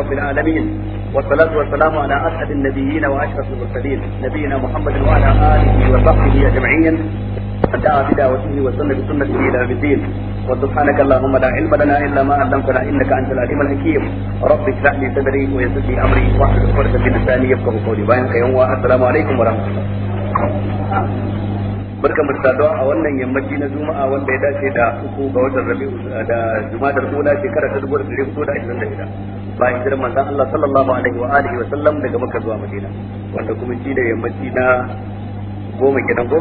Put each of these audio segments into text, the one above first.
رب العالمين والصلاة والسلام على أسعد النبيين وأشرف المرسلين نبينا محمد وعلى آله وصحبه أجمعين دعا بدعوته وسن بسنته إلى الدين وسبحانك اللهم لا علم لنا إلا ما علمتنا إنك أنت العليم الحكيم رب اشرح لي صدري ويسر لي أمري واحلل عقدة من لساني يفقهوا قولي بينك يوم السلام عليكم ورحمة الله barka mu saduwa a wannan yammaci na juma'a wanda ya dace da uku ga watan rabi'u da juma'a da ula shekara ta dubu da ɗari hudu da ashirin da shida bayan hijirar manzon Allah sallallahu alaihi wa alihi wa sallam daga Makka zuwa Madina wanda kuma shi da yammaci na goma kenan ko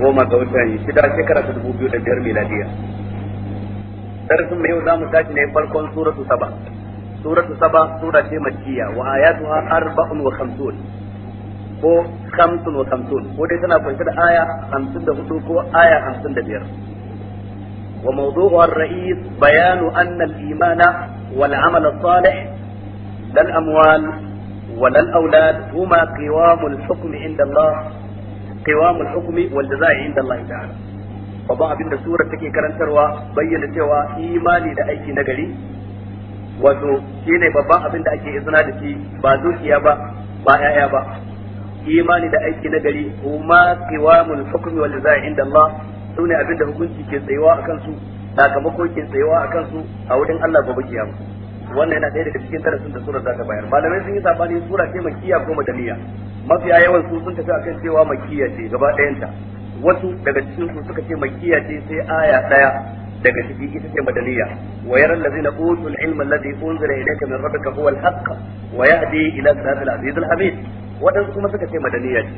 goma ga shi da shekara ta dubu biyu da biyar miladiya darasin mai yau za mu tashi ne farkon suratu saba suratu saba sura ce makkiya wa ayatuha arba'un wa khamsun ko khamsun wa khamsun ko dai tana kunshe da aya hamsin da hudu ko aya hamsin da biyar وموضوعها الرئيس بيان أن الإيمان والعمل الصالح لا الأموال ولا الأولاد هما قوام الحكم عند الله قوام الحكم والجزاء عند الله تعالى وضع بنا سورة تكي كرن تروا بيّن تيوى إيماني لأيك نقلي وذو كين بابا أبن دأيك إذن هذا بادو كيابا بايا يابا إيماني لأيك نقلي هما قوام الحكم والجزاء عند الله su ne abinda hukunci ke tsayuwa a kansu sakamako ke tsayuwa a kansu a wurin Allah gobe kiyama wannan yana ɗaya daga cikin darasin da sura za ta bayar malamai sun yi sabani sura ce makiya ko madaniya mafiya yawan su sun tafi akan cewa makiya ce gaba ɗayanta wasu daga cikin su suka ce makiya ce sai aya ɗaya daga ciki ita ce madaniya wa yaral ladzina utul ilma alladhi unzila ilayka min rabbika huwa al-haqq wa yahdi ila siratil azizil hamid wadansu kuma suka ce madaniya ce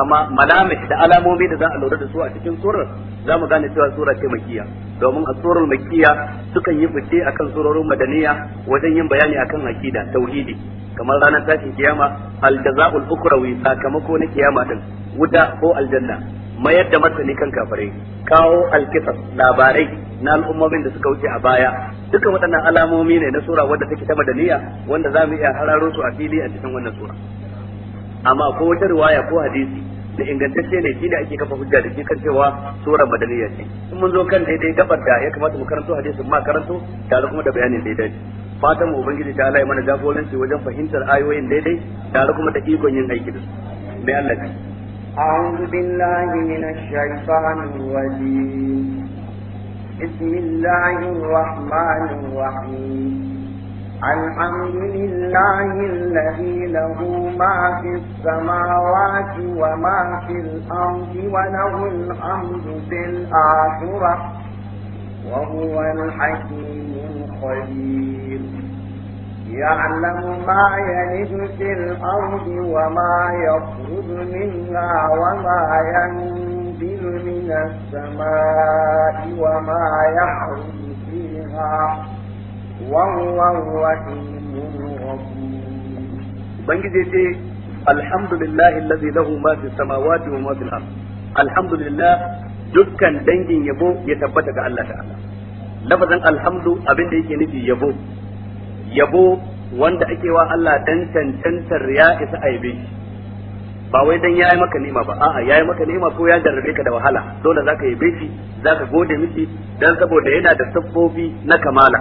amma malamit da alamomi da za a lura da su a cikin surar za mu gane cewa sura ce makiya domin a surar makiya sukan yi fice akan surorin madaniya wajen yin bayani akan akida tauhidi kamar ranar tashin kiyama aljaza'ul ukrawi sakamako na kiyama din wuta ko aljanna mayar da martani kan kafare kawo alkisas labarai na al'ummomin da suka wuce a baya duka waɗannan alamomi ne na sura wadda take ta madaniya wanda za mu iya hararo su a fili a cikin wannan sura amma ko wata riwaya ko hadisi da ingantacce ne shi da ake kafa hujja da shi kan cewa surar madaniya ce in mun zo kan daidai gabar da ya kamata mu karanto hadisin ma karanto tare kuma da bayanin daidai fatan mu ubangiji ta Allah ya mana jagoranci wajen fahimtar ayoyin daidai tare kuma da ikon yin aiki da su mai Allah ka أعوذ بالله من الشيطان الرجيم بسم الله الرحمن الحمد لله الذي له ما في السماوات وما في الأرض وله الحمد في الآخرة وهو الحكيم الخبير يعلم ما يلد في الأرض وما يخرج منها وما ينزل من السماء وما يحرم فيها وهو الرحيم الرحيم ubangiji ce alhamdulillahi allazi lahu ma fi samawati wa ma fil dukkan dangin yabo ya tabbata ga Allah ta'ala lafazan alhamdu abin da yake nufi yabo yabo wanda ake wa Allah dan cancantar ya isa aibe shi ba wai dan yayi maka nima ba a'a yayi maka nima ko ya jarrabe ka da wahala dole zaka yabe shi zaka gode miki dan saboda yana da siffofi na kamala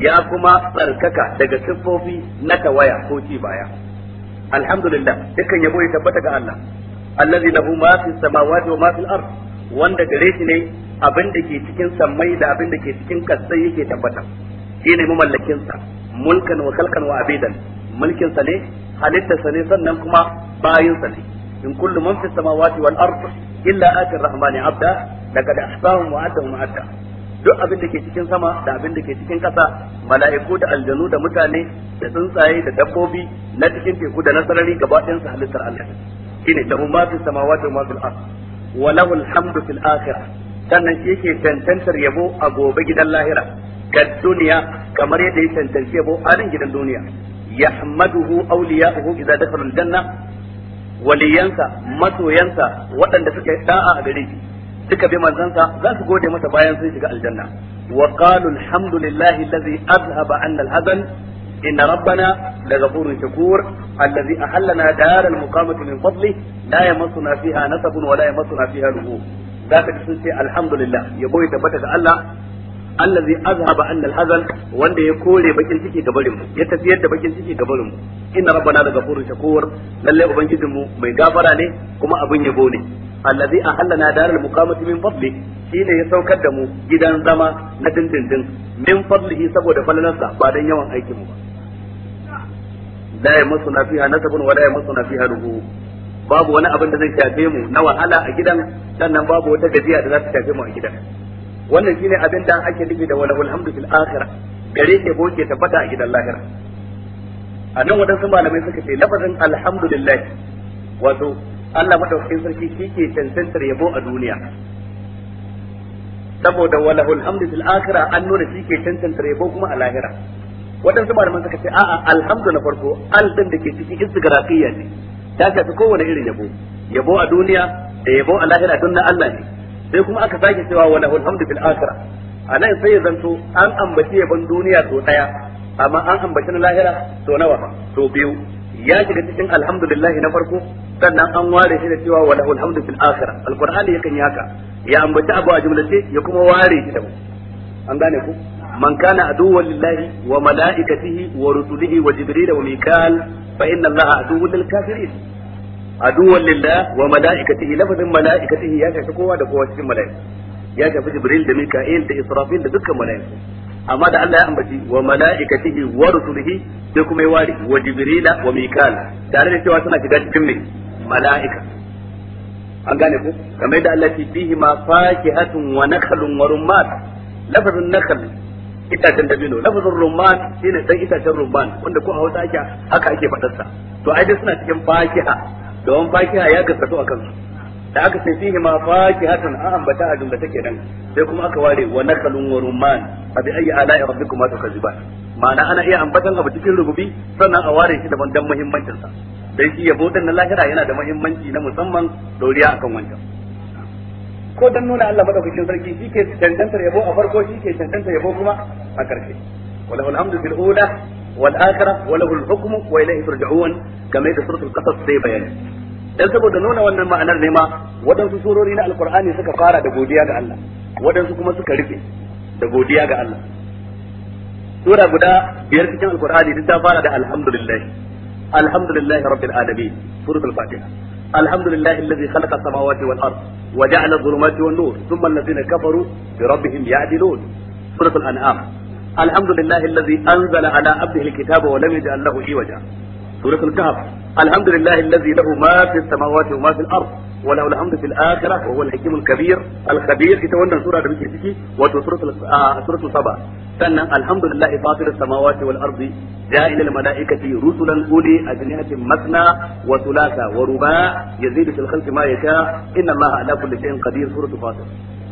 ya kuma tsarkaka daga siffofi na tawaya ko ci baya alhamdulillah dukkan yabo ya tabbata ga Allah allazi lahu ma fi samawati wa ma fil ard wanda gare shi ne abin da ke cikin sammai da abin da ke cikin kasai yake tabbata shine mamallakin sa mulkan wa khalqan wa abidan mulkin sa ne halittar sa ne sannan kuma bayin sa ne in kullu man fi samawati wal ard illa atir rahmani abda laqad ahsahum wa atahum adda duk abin da ke cikin sama da abin da ke cikin ƙasa mala'iku da aljanu da mutane da tsuntsaye da dabbobi na cikin teku da na sarari gaba ɗayan su halittar Allah shine lahu ma fi samawati wa ma fil wa fil akhirah sannan shi yake tantantar yabo a gobe gidan lahira ga duniya kamar yadda ya tantance yabo a nan gidan duniya yahmaduhu awliya'uhu idza dakhala aljanna waliyansa masoyansa waɗanda suka da'a a gare shi suka bi manzansa za su gode masa bayan sun shiga aljanna wa qalu alhamdulillahi allazi azhaba anna alhazan inna rabbana laghafurun shakur allazi ahallana dar almuqamati min fadli la yamassuna fiha nasabun wa la yamassuna fiha lughub za ka sun ce alhamdulillah yabo ya tabbata ga Allah allazi azhaba anna alhazan wanda ya kore bakin ciki ga barin mu ya tafiyar da bakin ciki ga barin mu inna rabbana la ghafurun shakur lalle ubangijin mu mai gafara ne kuma abin yabo ne allazi ahallana daral muqamati min fadli shine ya saukar da mu gidan zama na dindindin min fadlihi saboda falalansa ba dan yawan aikin mu ba la yamassuna fiha nasabun wa la na fiha lughub babu wani abin da zai shafe mu na wahala a gidan sannan babu wata gajiya da za ta shafe mu a gidan wannan shine abin da ake nufi da walahul hamdu fil akhirah gare ke boke tabbata a gidan lahira a nan wadansu malamai suka ce lafazin alhamdulillah wato Allah madaukakin sarki shi ke cancantar yabo a duniya saboda walahul hamdu fil akhirah an nuna shi ke cancantar yabo kuma a lahira waɗansu malaman suka ce a'a alhamdu na farko al din da ke ciki istigrafiyya ne ta shafi kowane irin yabo yabo a duniya da yabo a lahira don na Allah ne sai kuma aka sake cewa wa lahul hamdu fil akhirah anan sai ya zanto an ambaci ban duniya to daya amma an ambaci na lahira to nawa to biyu ya shiga cikin alhamdulillah na farko sannan an ware shi da cewa wa lahul hamdu fil akhirah alqur'ani yakan yi haka ya ambaci abu a jumlace ya kuma ware shi da an gane ku man kana aduwwan lillahi wa mala'ikatihi wa rusulihi wa jibril wa mikal fa inna allaha aduwwul kafirin aduwwan lillah wa malaikatihi lafazin malaikatihi ya shafi kowa da kowa cikin malaiku ya shafi jibril da mika'il da israfil da dukkan malaiku amma da Allah ya ambaci wa malaikatihi wa rusulihi sai kuma ya ware wa jibrila wa mika'il tare da cewa suna shiga cikin malaika an gane ku kamar da Allah ya ce fihi ma fakihatun wa nakhlun wa rumman lafazin nakhl itacen dabino lafazin rumman shine dan itacen rumman wanda ko a Hausa ake haka ake sa to ai dai suna cikin fakiha don fakiha ya gaskatu a kansu da aka sai fihi ma fakihatan an ambata a jumla take nan sai kuma aka ware wa nakalun wa rumman abi ayi ala'i rabbikum tukaziban ma'ana ana iya ambatan abu cikin rububi sannan a ware shi daban dan muhimmancin sa dan shi yabo din na lahira yana da muhimmanci na musamman doriya akan wancan ko dan nuna Allah madaukakin sarki shi ke cancantar yabo a farko shi ke cancantar yabo kuma a karshe wala alhamdu wal akhirah wa lahu al hukm wa ilayhi da dan saboda nuna wannan ma'anar ne ma wadansu surori na alqur'ani suka fara da godiya ga Allah kuma suka rufe da godiya ga Allah sura guda biyar cikin duk ta fara da alhamdulillah alhamdulillah rabbil alamin suratul fatiha alhamdulillah alladhi anzala ala abdihi alkitaba wa lam yaj'al lahu iwaja suratul kahf alhamdulillah alladhi lahu ma fi samawati wa ma fil ard wa lahu kabir al ita wannan sura da muke ciki wato suratul ah, suratul saba sannan alhamdulillah fatir samawati wal ardi ja'ila al malaikati rusulan uli ajnihatin masna wa thulatha wa ruba yazidu fil khalqi ma yasha inna allaha ala kulli shay'in qadir suratul fatir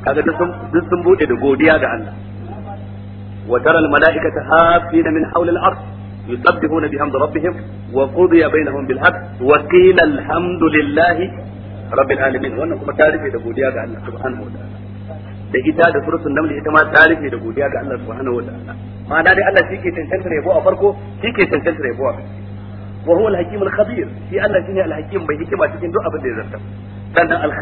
kaga duk sun bude da godiya ga Allah وترى الملائكة هافين من حول الأرض يسبحون بحمد ربهم وقضي بينهم بالحق وقيل الحمد لله رب العالمين wannan kuma tarihi da godiya ga Allah subhanahu da ita da suratul naml ita ma tarihi da godiya ga Allah subhanahu wataala ma'ana dai Allah shi ke tantance rabo a farko shi ke tantance rabo a wa huwa al-hakim al-khabir shi Allah shine al-hakim bai hikima cikin duk abin da ya zartar sannan al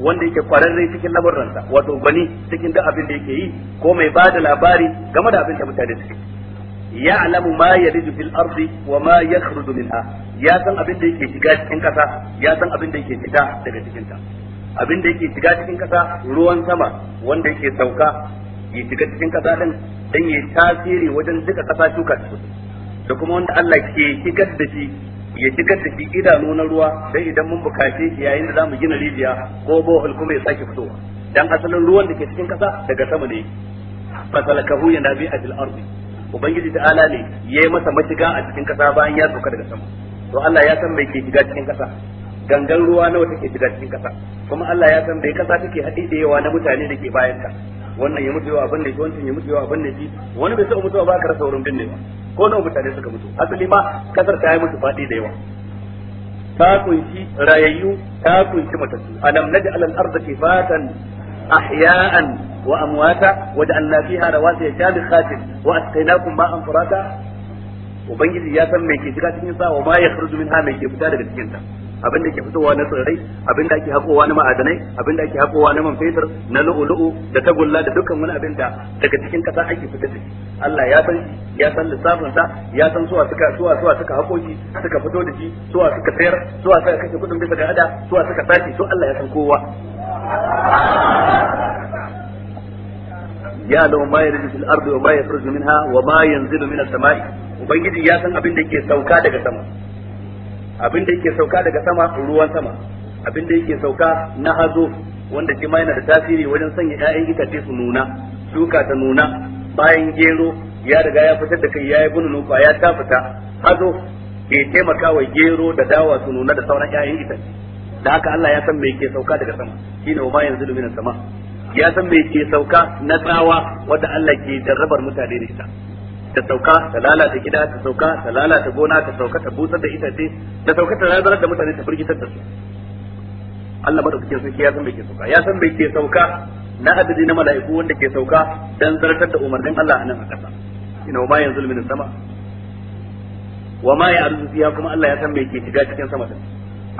wanda yake kwararre cikin lamuransa wato gwani cikin duk abin da yake yi ko mai ba da labari game da abin da mutane suke ya'lamu ma yalidu fil ardi wa ma yakhruju minha ya san abin da yake shiga cikin kasa ya san abin da yake fita daga cikin ta abin da yake shiga cikin kasa ruwan sama wanda yake sauka ya shiga cikin kasa din dan ya tasiri wajen duka kasa shuka da kuma wanda Allah ke shigar da shi ya shiga da shi idanu na ruwa dan idan mun bukace shi yayin da zamu gina rijiya ko bohol kuma ya sake fitowa dan asalin ruwan da ke cikin kasa daga sama ne fasalakahu yanabi fil ardi ubangiji ta ala ne yayi masa mashiga a cikin kasa bayan ya sauka daga sama to Allah ya san mai ke shiga cikin kasa gangan ruwa nawa take shiga cikin kasa kuma Allah ya san bai kasa take haɗi da yawa na mutane da ke bayan ta wannan ya mutu yau abin da ya wancan ya mutu yau abin da wani bai sa'a mutuwa ba ka rasa wurin binne ko nawa mutane suka mutu asali ma kasar ta yi mutu faɗi da yawa ta kunshi rayayyu ta kunshi matattu alam naji alal arda kifatan ahya'an wa amwata wa ja'alna fiha rawasiya shabikhatin wa atainakum ma'an furata ubangiji ya san me ke shiga cikin sa wa ma yakhruju ha me ke fita daga cikin ta abin da ke fitowa na tsirrai abin da ake hakowa na ma'adanai abin da ake hakowa na man fetur na lu'ulu'u da tagulla da dukkan wani abin da daga cikin kasa ake fita da shi Allah ya san ya san lissafin sa ya san suwa suka suwa suwa suka hako shi suka fito da shi suwa suka sayar suwa suka kashe kudin bisa ga ada suwa suka tashi to Allah ya san kowa ya lau ma yarji fil ardi wa ma yakhruju minha wa ma yanzilu minas sama'i ubangiji ya san abin da ke sauka daga sama abin da yake sauka daga sama ruwan sama abin da yake sauka na hazo wanda shi ma yana da tasiri wajen sanya ƴaƴan itace su nuna shuka ta nuna bayan gero ya riga ya fitar da kai ya yi bununu ya ta fita hazo ke taimaka wa gero da dawa su nuna da sauran ƴaƴan itace da haka Allah ya san me ke sauka daga sama shine wa ma yanzu sama ya san me ke sauka na tsawa wanda Allah ke jarrabar mutane da ita ta sauka ta lalata gida ta sauka ta lalata gona ta sauka ta busar da itace ta sauka ta razanar da mutane ta firgitar da su Allah madaukakin sarki ya san bai ke sauka ya san bai ke sauka na adadi na mala'iku wanda ke sauka dan zartar da umarnin Allah a nan a ƙasa ina ma yanzu min sama wa ma ya arzu fiha kuma Allah ya san me ke shiga cikin sama din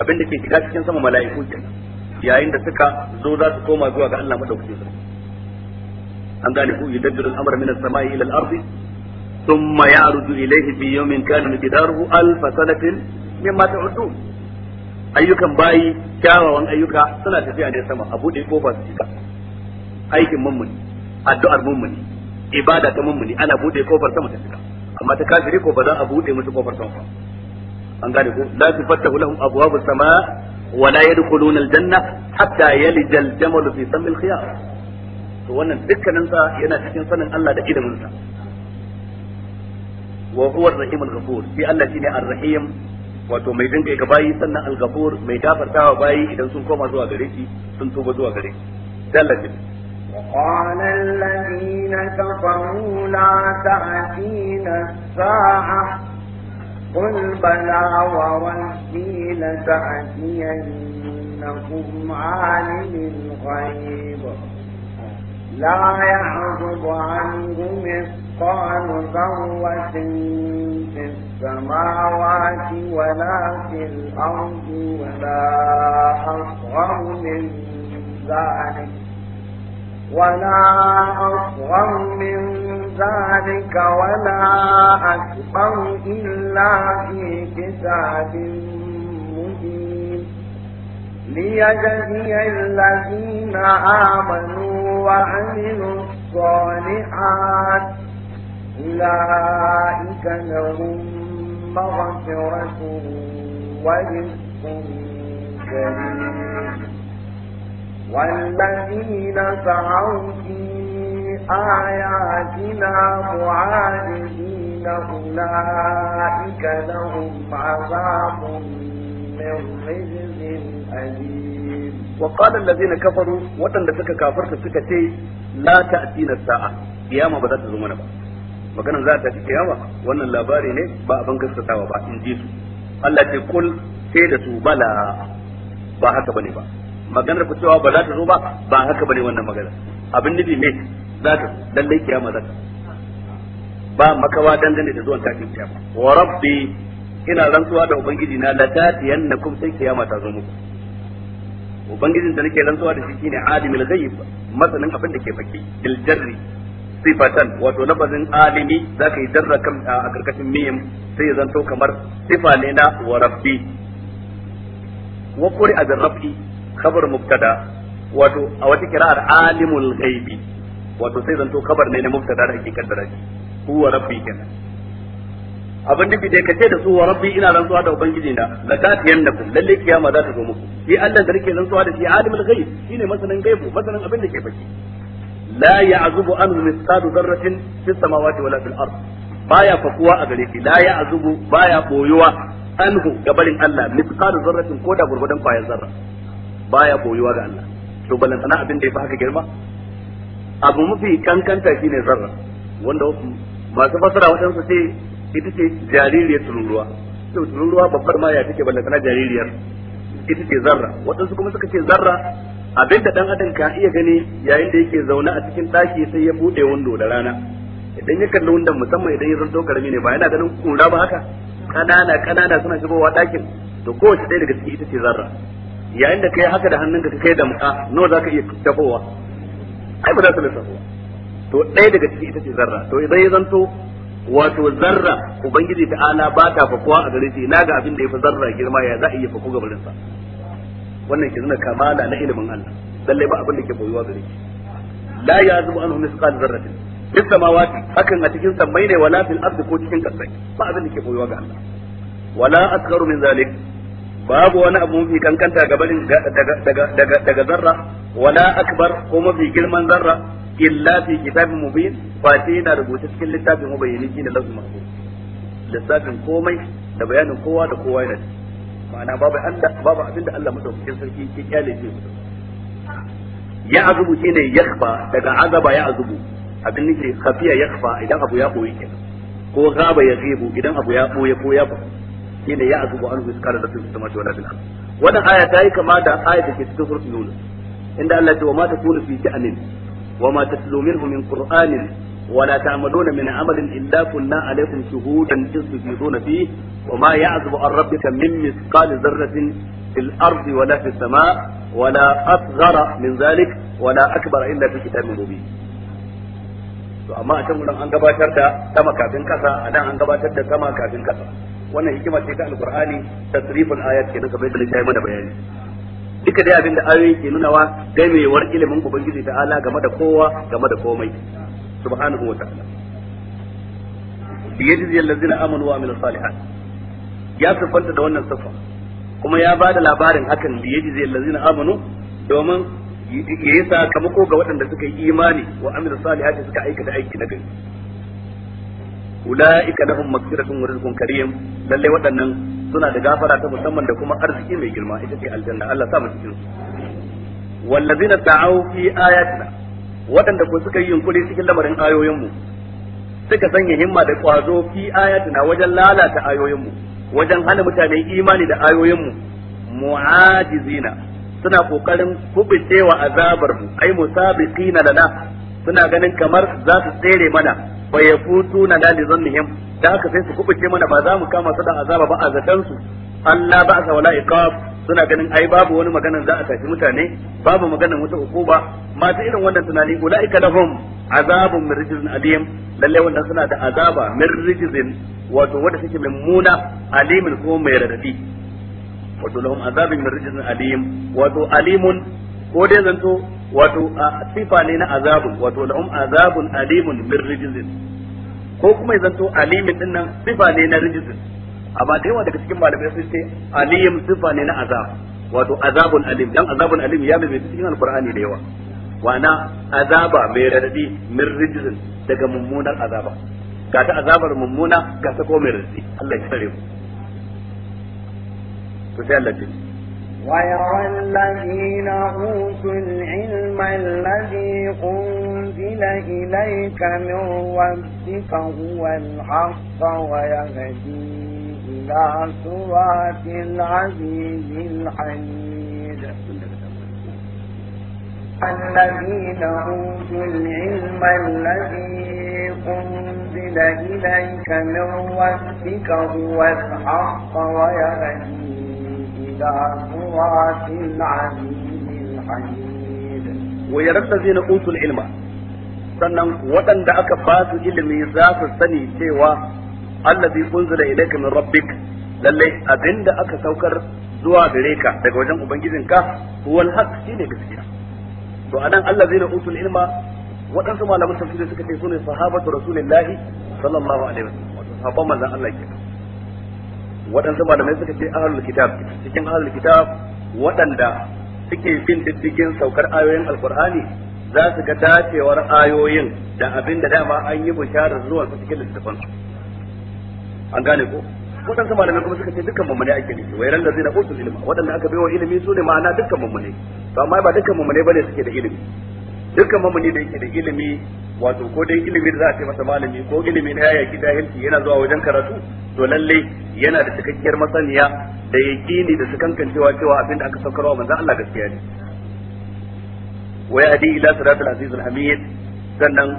abin da ke shiga cikin sama mala'iku kenan yayin da suka zo za su koma zuwa ga Allah madaukakin sarki an gane ku yudabbiru al-amra min as-sama'i ila al-ardi ثم يعرج إليه في يوم كان مقداره ألف سنة مما تعدون ayyukan bayi kyawawan ayyuka suna tafiya a buɗe kofa su cika aikin mummuni addu'ar mummuni ibada ta mummuni ana buɗe kofar sama amma ta kafiri ko ba za a buɗe musu kofar sama ba an gane ko la tufattahu lahum abwabu samaa wa la yadkhuluna aljanna hatta yalija aljamal fi sammi alkhiyar to wannan dukkanin sa yana cikin sanin Allah da ilimin wa huwa ar-rahim al-ghafur shi Allah shine ar-rahim wato mai dinga ga bayi sannan al-ghafur mai wa bayi idan sun koma zuwa gare shi sun tuba zuwa gare shi dalatin وقال الذين كفروا لا تأتينا الساعة قل بلى وربي لتأتينكم عالم الغيب لا يعرض عنه مثقال ذرة في السماوات ولا في الأرض ولا أصغر من ذلك ولا أصغر من ذلك ولا أكبر إلا في كتاب مبين ليجزي الذين آمنوا وعملوا الصالحات أولئك لهم مغفرة ورزق كريم والذين سعوا في آياتنا معاجزين أولئك لهم عذاب وقال الذين كفروا وطن suka kafarta suka ce la ta'tina sa'a kiyama ba za ta zo mana ba maganar za ta ci kiyama wannan labari ne ba abin gaskatawa ba in ji su Allah ce kul sai da su bala ba haka bane ba maganar ku cewa ba za ta zo ba ba haka bane wannan magana abin nabi ne za ta lalle kiyama za ta ba makawa dangane da zuwan tashin kiyama wa rabbi ina rantsuwa da ubangiji na la tatiyannakum sai kiyama ta zo muku ubangijin da nake rantsuwa da shi shine alimul ghaib masanin abin da ke baki dil jarri sifatan wato nabazin alimi zaka yi jarra kam a karkashin miyim sai ya zanto kamar sifa ne na wa rabbi wa quri abin rabbi khabar mubtada wato a wata kira'ar alimul ghaibi wato sai zanto khabar ne na mubtada da ake kaddara shi huwa rabbi kenan abin da dai kace da su wa rabbi ina rantsuwa da ubangiji na la tatiyannakum lalle kiyama za ta zo muku shi Allah da nake rantsuwa da shi alimul ghaib shine masanin ghaibu masanin abin da ke baki la ya'zubu an mithqalu dharratin fi samawati wala fil ard baya fakuwa a gare shi la ya'zubu baya boyuwa anhu gabarin Allah mithqalu dharratin ko da gurgudan kwayar zarra baya boyuwa ga Allah to sana abin da ya fi haka girma abu mafi kankanta shine zarra wanda masu fasara waɗansu sai ita ce jaririyar tururuwa to tururuwa babbar ma ya take ballantana jaririyar ita ce zarra waɗansu kuma suka ce zarra abin da dan adam ka iya gani yayin da yake zaune a cikin ɗaki sai ya buɗe wando da rana idan ya kalli wandon musamman idan ya zanto karami ne ba yana ganin kura ba haka kanana kanana suna shigowa ɗakin to kowace ɗaya daga ciki ita ce zarra yayin da kai haka da hannunka ka kai da damka nawa za ka iya tafowa ai ba za ka lissafo to ɗaya daga ciki ita ce zarra to idan ya zanto wato zarra ubangiji ala ba ta fakuwa a gare shi na ga abin da ya fi zarra girma ya za a iya faku gabarin sa wannan ke zuna kamala na ilimin Allah lalle ba abin da ke boyuwa gare shi la ya yazubu anhu misqal zarratin fis samawati hakan a cikin sammai ne wala fil ardi ko cikin kasai ba abin da ke boyuwa ga Allah wala asgharu min zalik babu wani abu mafi kankanta gabarin daga daga daga daga zarra wala akbar ko mafi girman zarra illa fi kitabin mubin ba sai yana rubuta cikin littafin mubayyani shine lafzul mahfuz lissafin komai da bayanin kowa da kowa yana ma'ana babu babu abin da Allah madaukakin sarki ke kyale shi ya azubu shine yakhfa daga azaba ya azubu abin nufi khafiya yakhfa idan abu ya boye kenan ko gaba ya idan abu ya ko ya shine ya azubu an huskara da sun sama wala bil wannan aya ta yi kama da aya da ke cikin suratul yunus inda Allah ya ce wa ma takunu fi sha'anin وما تتلو منه من قرآن ولا تعملون من عمل إلا كنا عليكم شهودا إذ تجيزون فيه وما يعزب عن ربك من مثقال ذرة في الأرض ولا في السماء ولا أصغر من ذلك ولا أكبر إلا في كتاب مبين to amma a can gudan an gabatar da sama kafin kasa a nan an gabatar da sama kafin kasa wannan hikima ce ta alqur'ani tasriful ayat kenan kamar yadda ya yi mana bayani duka dai abin da ayoyi ke nuna nunawa gaimewar ilimin ubangiji ala game da kowa game da komai subhanahu wa ta'ala zai lazina amanu wa amilus salihat ya sifanta da wannan sifa kuma ya ba da labarin hakan da zai lazina amanu domin yayi sakamako ga waɗanda suka yi imani wa amilus salihat suka aikata aiki na gari ulaika lahum maghfiratun wa rizqun karim lalle waɗannan suna da gafara ta musamman da kuma arziki mai girma ita ce aljanna Allah sa mu cikin su wallazina ta'aw fi ayatina waɗanda ko suka yi yunkuri cikin lamarin ayoyin mu suka sanya himma da kwazo fi ayatina wajen lalata ayoyin mu wajen hana mutane imani da ayoyin mu mu'ajizina suna kokarin kubucewa azabar mu ai musabiqina lana suna ganin kamar za su tsere mana fa yafutuna la li dhannihim da haka sai su kubuce mana ba za mu kama su da azaba ba a zatan su Allah ba sa wala iqab suna ganin ai babu wani magana za a tashi mutane babu magana wata hukuma masu irin wannan tunani ulaika lahum azabun min rijzin alim lalle wannan suna da azaba min rijzin wato wanda take mummuna alimin ko mai radadi wato lahum azabun min rijzin alim wato alimun ko dai zanto wato sifa ne na azabun wato la'um azabun alimun min rijizin ko kuma ya zanto alimin din nan sifa ne na rijizin amma da yawa daga cikin malamai sun ce alim sifa ne na azab wato azabun alim dan azabun alim ya mai cikin alqur'ani da yawa wana azaba mai radadi min rijizin daga mummunar azaba ga ta azabar mummuna ga ta ko mai radadi Allah ya tsare mu to sai Allah ya ويرى الذين أوتوا العلم الذي أنزل إليك من ربك هو الحق ويهدي إلى صراط العزيز الحميد الذين أوتوا العلم الذي أنزل إليك من ربك هو الحق ويهدي إلى صراط العليم العلم sannan waɗanda aka basu ilimi za su sani cewa allazi unzila ilayka min rabbik lalle abinda aka saukar zuwa gare ka daga wajen ubangijinka wal haq shine gaskiya to anan allazina utul ilma waɗansu malaman tafsiri suka ce sune sahabatu rasulillahi sallallahu alaihi wasallam wato waɗansu malamai suka ce ahlul kitab cikin ahlul kitab waɗanda suke bin diddigin saukar ayoyin alkur'ani za su ga dacewar ayoyin da abin da dama an yi bushara zuwa su cikin littafin an gane ko waɗansu malamai kuma suka ce dukkan mummune ake nufi wai ran da zai na usul ilimi waɗanda aka baiwa ilimi su ne ma'ana dukkan mummune to amma ba dukkan mummune bane suke da ilimi dukkan mummune da yake da ilimi wato ko dai ilimin da za a ce masa malami ko ilimi na yaki jahilci yana zuwa wajen karatu to lalle yana da cikakkiyar masaniya da yaqini da kankan cewa cewa abin da aka saukarwa manzon Allah gaskiya ne wa adi ila Siratul aziz hamid sannan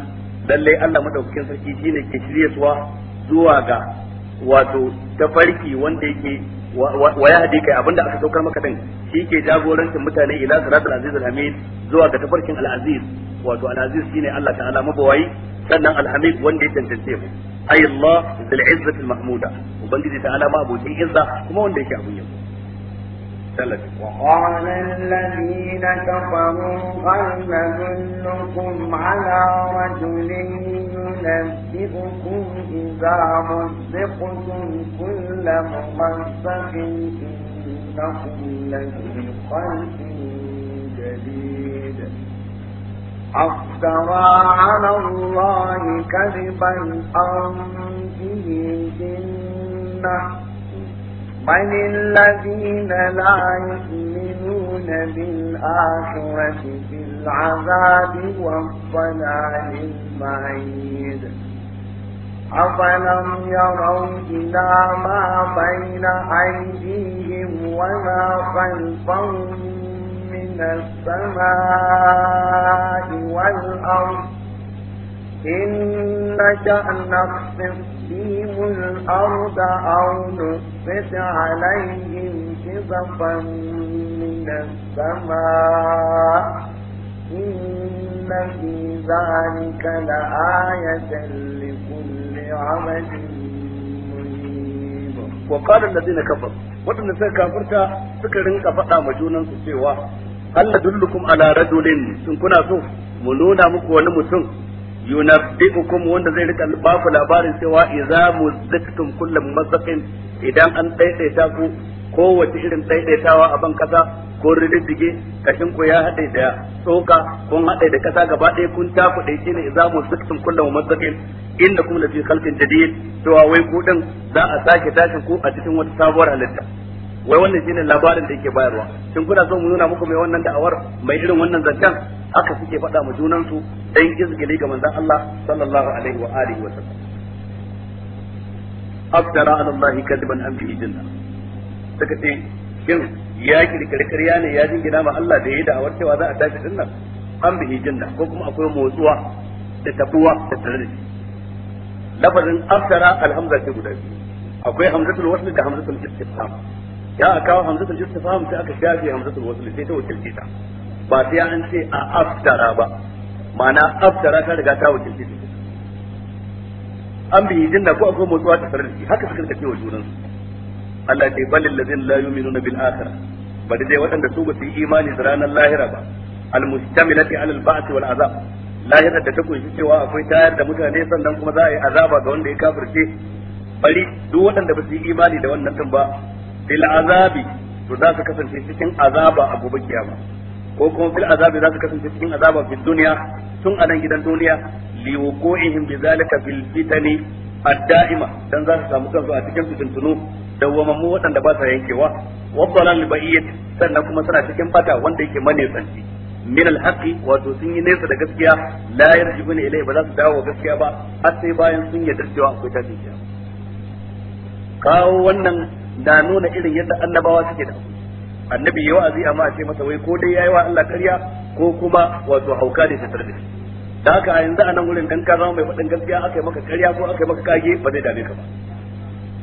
lalle Allah madaukakin sarki shine ke shirye suwa zuwa ga wato tafarki wanda yake wa ya hadi kai abinda aka saukar maka din shi ke jagorancin mutane ila siratul aziz alhamid zuwa ga tafarkin al-aziz wato al-aziz shine Allah ta'ala mabawai sannan alhamid wanda ya tantance mu ay Allah zul izzati al-mahmuda ubangiji ta'ala ma abokin izza kuma wanda yake abun yabo ثلاثة وقال الذين كفروا هل ندلكم على رجل ينبئكم إذا مزقتم كل ممسك إنكم لفي خلق جديد أفترى على الله كذبا أم به جنة من الذين لا يؤمنون بالآخرة في العذاب والضلال المعيد أفلم يروا إلى ما بين أيديهم وما خلفهم من السماء والأرض إن شأن نخفف بهم الأرض أو نسقط عليهم شبقا من السماء إن في ذلك لآية لكل عمل منيب وقال الذين كفروا waɗanda suka kafirta suka rinka faɗa ma junansu cewa Allah dullukum ala rajulin sun kuna so mu nuna muku wani mutum yunabbi'ukum wanda zai rika ba ku labarin cewa idza muzakktum kullu muzaqqin idan an daidaita ku kowace irin daidaitawa a ban kasa ko ridige kashin ku ya haɗe da tsoka kun haɗe da kasa gaba ɗaya kun takuɗe shi ne idza muzakktum kullu muzaqqin inda kuma lafi khalqin jadid cewa wai ku din za a sake tashi ku a cikin wata sabuwar halitta wai wannan shine labarin da yake bayarwa shin kuna so mu nuna muku mai wannan da'awar mai irin wannan zancen haka suke faɗa ma junansu dan izgili ga manzon Allah sallallahu alaihi wa alihi wa sallam aftara ala Allah kadiban am fi jinna suka ce shin ya kirkiri ƙarya ne ya jingina ma Allah da yayi da'awar cewa za a tashi dinnan an bihi jinna ko kuma akwai motsuwa da tabuwa da tare da shi lafazin aftara alhamza ce guda biyu akwai hamzatul wasl da hamzatul istifham ya aka kawo hamzatul istifham sai aka shafe hamzatul wasl sai ta wakilce ta ba sai an ce a aftara ba ma'ana aftara ta riga ta wakilci su an bi jin da ko akwai motsuwa ta sarar shi haka suka kace wa junan Allah ya ce balil ladzin la yu'minuna bil akhirah ba dai waɗanda su ba su yi imani da ranar lahira ba al mustamilati ala al ba'th wal azab lahirar da ta kunshi cewa akwai tayar da mutane sannan kuma za a yi azaba ga wanda ya kafirce bari duk waɗanda ba su yi imani da wannan tun ba bil azabi to za su kasance cikin azaba a gobe kiyama ko kuma fil azabi za su kasance cikin azaba fil duniya tun a nan gidan duniya li wuqu'ihim bi zalika bil fitani ad-da'ima dan za su samu kansu a cikin fitintunu dawwamammu waɗanda ba sa yankewa wa dalal ba'iyyat sannan kuma suna cikin fata wanda yake mane tsanci min al wato sun yi nesa da gaskiya la na ilai ba za su dawo gaskiya ba har sai bayan sun yarda cewa akwai tashin kawo wannan na nuna irin yadda annabawa suke da annabi yayi wa'azi amma a ce masa wai ko dai yayi wa Allah ƙarya ko kuma wato hauka da tatar da da haka a yanzu a nan wurin dan ka zama mai faɗin gaskiya aka yi maka ƙarya ko aka yi maka kage ba zai dame ka ba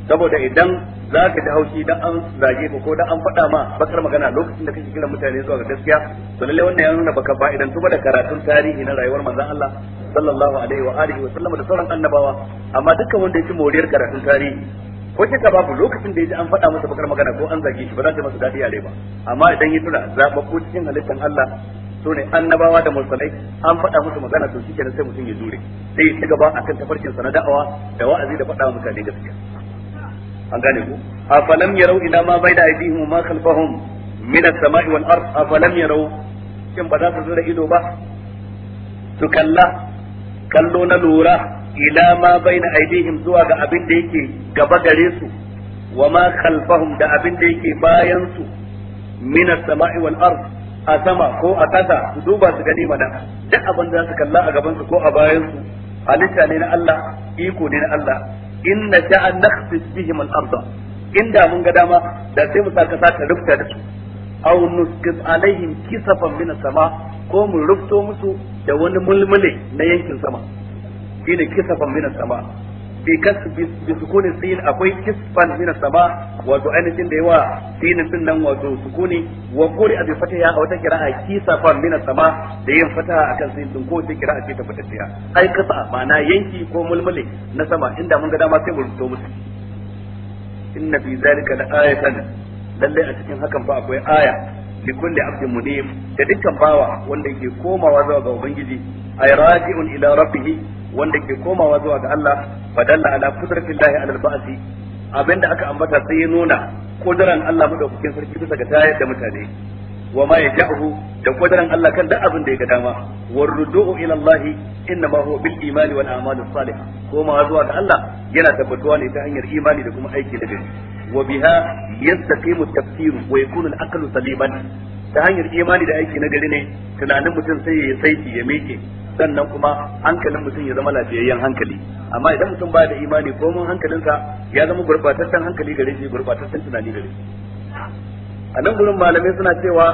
saboda idan za ka ji haushi dan an zage ka ko dan an faɗa ma bakar magana lokacin da kake kiran mutane zuwa ga gaskiya to lalle wannan ya nuna baka ba idan tuba da karatun tarihi na rayuwar manzon Allah sallallahu alaihi wa alihi wa sallam da sauran annabawa amma dukkan wanda yake moriyar karatun tarihi ko shi ka babu lokacin da ya ji an faɗa masa bakar magana ko an zage shi ba za ta masa daɗi a ba amma idan ya tuna ko cikin halittar Allah so ne annabawa da mursalai an faɗa musu magana to shi kenan sai mutum ya jure sai ya ci gaba akan tafarkin sa na da'awa da wa'azi da faɗa mutane gaskiya an gane ku afalam yarau ila ma aiki mu ma khalfahum min as-sama'i wal ard afalam yarau shin ba za su zura ido ba su kalla kallo na lura ila ma baina aidihim zuwa ga abin da yake gaba gare su wa ma khalfahum da abin da yake bayan su min as-sama'i wal ard a sama ko a ƙasa su duba su gani mana duk abin da su kalla a gaban su ko a bayan su halitta ne na Allah iko ne na Allah inna sha'an nakhsis bihim al-ard inda mun ga dama da sai mu saka saka rufta da su aw nuskis alaihim kisafan min as-sama ko mu rufto musu da wani mulmule na yankin sama shine kisafan minas sama bi kas bi sukuni sin akwai kisfan min sama wato ainihin da yawa sinin din nan wato sukuni wa kuri abi ya a wata kira'a kisafan min sama da yin fata akan sin din ko ta kira'a ce ta fatatiya ai kasa ma'ana yanki ko mulmule na sama inda mun ga dama sai mu rubuto musu inna fi zalika la ayatan lalle a cikin hakan fa akwai aya li kulli abdin munib da dukkan bawa wanda ke komawa zuwa ga ubangiji ay raji'un ila rabbih wanda ke komawa zuwa ga Allah fadalla ala qudratillahi ala al-ba'si abinda aka ambata sai ya nuna ko kuduran Allah madaukakin sarki bisa ga tayar da mutane wa ma yasha'u da kudaran Allah kan duk abin da ya dama war rudu'u ila Allah inna ma huwa bil imani wal a'mal salihah ko zuwa ga Allah yana tabbatuwa ne ta hanyar imani da kuma aiki da gari wa biha yastaqimu at-tafsir wa yakunu al-aqlu saliban ta hanyar imani da aiki na gari ne tunanin mutum sai ya saiti ya miƙe sannan kuma hankalin mutum ya zama lafiyayyen hankali amma idan mutum ba da imani ko mun hankalinsa ya zama gurbataccen hankali gare shi gurbataccen tunani gare shi a nan gurin malamai suna cewa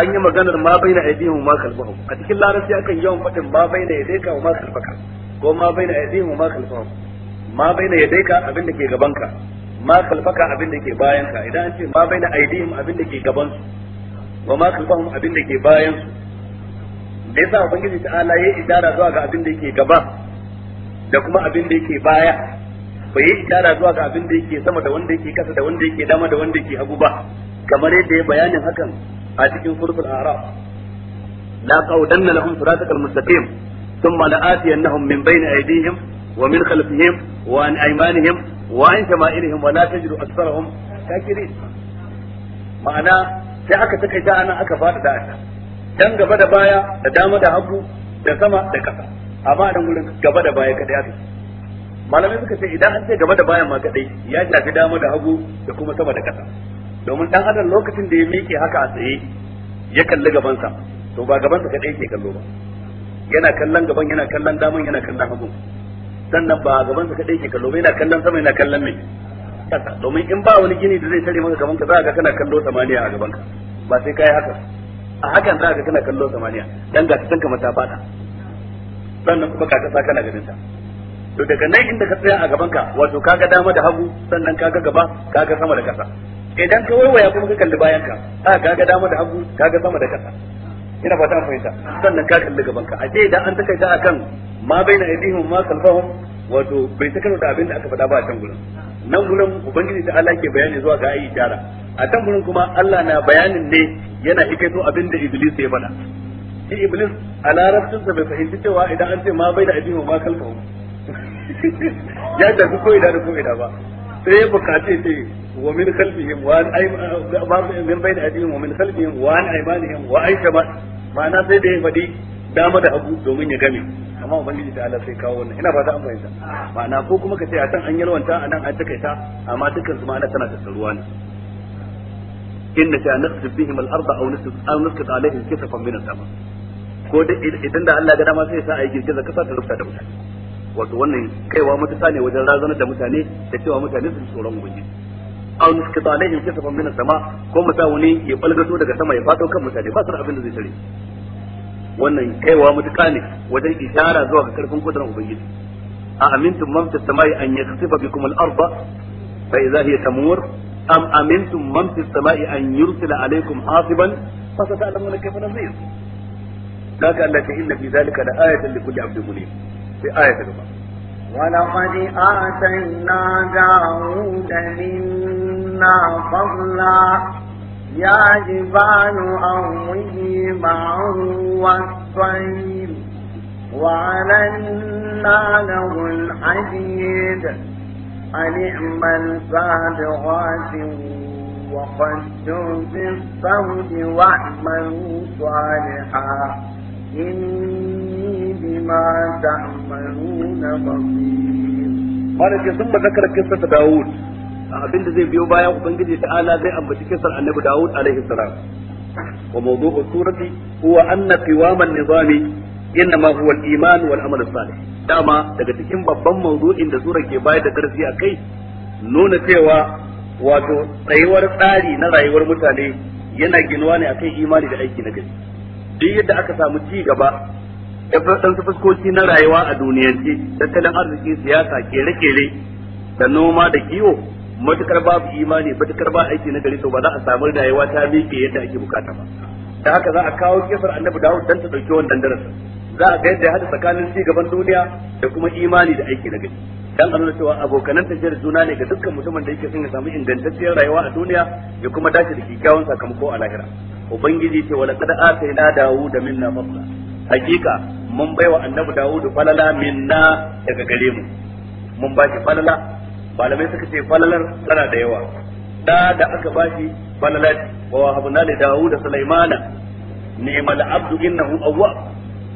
an yi maganar ma bai na aidihim ma kalbahum a cikin larabci akan yawan fadin ma bai na yadayka wa ma kalbaka ko ma bai na wa ma kalbahum ma baina yadayka abin da ke gabanka ma kalbaka abin da ke bayanka idan an ce ma baina aidihim abin da ke gaban su wa ma kalbahum abin da ke bayan su da yasa ubangiji ala ya idara zuwa ga abin da yake gaba da kuma abin da yake baya bai yi idara zuwa ga abin da yake sama da wanda yake kasa da wanda yake dama da wanda yake hagu ba kamar yadda ya bayanin hakan a cikin suratul a'raf la qaudanna lahum siratal mustaqim thumma la'atiyannahum min bayni aydihim wa min khalfihim wa an aymanihim wa an shama'ilihim wa la tajidu aktharahum shakirin ma'ana sai aka takaita anan aka fada da aka dan gaba da baya da dama da hagu da sama da kasa amma a nan gurin gaba da baya kadai aka malamai suka ce idan an ce gaba da bayan ma kadai ya shafi dama da hagu da kuma sama da kasa domin dan adam lokacin da ya miƙe haka a tsaye ya kalli gabansa to ba gabansa kaɗai ke kallo ba yana kallon gaban yana kallon daman yana kallon hagu sannan ba gabansa kaɗai ke kallo ba yana kallon sama yana kallon mai kasa domin in ba wani gini da zai tare maka gabanka za ka kana kallo samaniya a gabanka ba sai kai haka a hakan za ka kana kallo samaniya dan ga tanka mata fada sannan kuma ka kasa kana ganin ta to daga nan inda ka tsaya a gabanka wato kaga dama da hagu sannan kaga gaba kaga sama da kasa idan ka waiwaya kuma ka kalli bayan ka a ga dama da hagu ga sama da kasa ina ba ta fahimta sannan ka kalli gaban ka a ce idan an takaita kan ma bai na aidihim ma kalfa wato bai ta da abin da aka faɗa ba a can gurin nan gurin ubangiji ta Allah ke bayani zuwa ga ayi jara a can gurin kuma Allah na bayanin ne yana hikaito abin da Iblis ya faɗa shi Iblis a larabcin sa bai fahimci cewa idan an ce ma bai na ajihu ma kalfa ya tafi ko ida da ko ida ba sai ya bukaci ce ومن خلفهم وعن أيمانهم من بين أيديهم ومن خلفهم وعن أيمانهم وعن شمال ma'ana sai da ya faɗi dama da hagu domin ya game amma ubangiji ta Allah sai kawo wannan ina fata an fahimta ma'ana ko kuma ka ce a san an yalwanta a nan an takaita amma dukkan su ma'ana tana tattaruwa ne inna ta naqsib bihim al-ardha aw nasqit aw nasqit alaihim kisafan min as-sama ko da idan da Allah ga dama sai ya sa ayi girgiza kasa ta rufta da mutane wato wannan kaiwa mutane wajen razana da mutane da cewa mutane su tsoron ubangiji aw nusqita alaihim kisafan min sama ko mu wani ya balgato daga sama ya fado kan mutane ba su abin da zai tare wannan kaiwa mutuka ne wajen isharar zuwa ga karfin kudurar ubangiji a amintum man fis samai an yakhsifa bikum al fa idha hiya tamur am amintum man fis samai an yursila hasiban fa sata'lamuna kayfa kaka Allah ta inna fi zalika la ayatan abdin munib sai ayatan ba ولقد آتينا داود منا فضلا يا جبال أومي معه والطير وعلنا له الحديد أن اعمل صادقات وقدر في الصوت واعملوا صالحا إني بما تعملون بصير مالك ثم da Dawud a abin da zai biyo bayan ubangiji ala zai ambaci kisar annabi Dawud alaihi salam wa mawdu'u surati na fi waman nizami innama huwa al-iman wal amal salih dama daga cikin babban mawdu'in da sura ke bayar da darasi kai, nuna cewa wato tsayuwar tsari na rayuwar mutane yana ginuwa ne akan imani da aiki na gari duk yadda aka samu ci gaba ɗansu fuskoci na rayuwa a duniyance tattalin arziki siyasa kere-kere da noma da kiwo matukar babu imani matukar ba aiki na gari to ba za a samu rayuwa ta miƙe yadda ake bukata ba da haka za a kawo kefar annabi da dan ta dauki wannan darasa. za a ga yadda ya hada tsakanin ci gaban duniya da kuma imani da aiki na gari dan Allah cewa abokanan tafiyar juna ne ga dukkan mutumin da yake son ya samu ingantacciyar rayuwa a duniya ya kuma dace da kikkiawan sakamako a lahira ubangiji ce wala qad atayna dawuda minna fadla hakika mun baiwa annabi Dawud falala minna daga gare mu mun ba shi falala malamai suka ce falalar tana da yawa da da aka ba shi falala wa wahabna li Dawud Sulaimana ni'mal abdu innahu awwa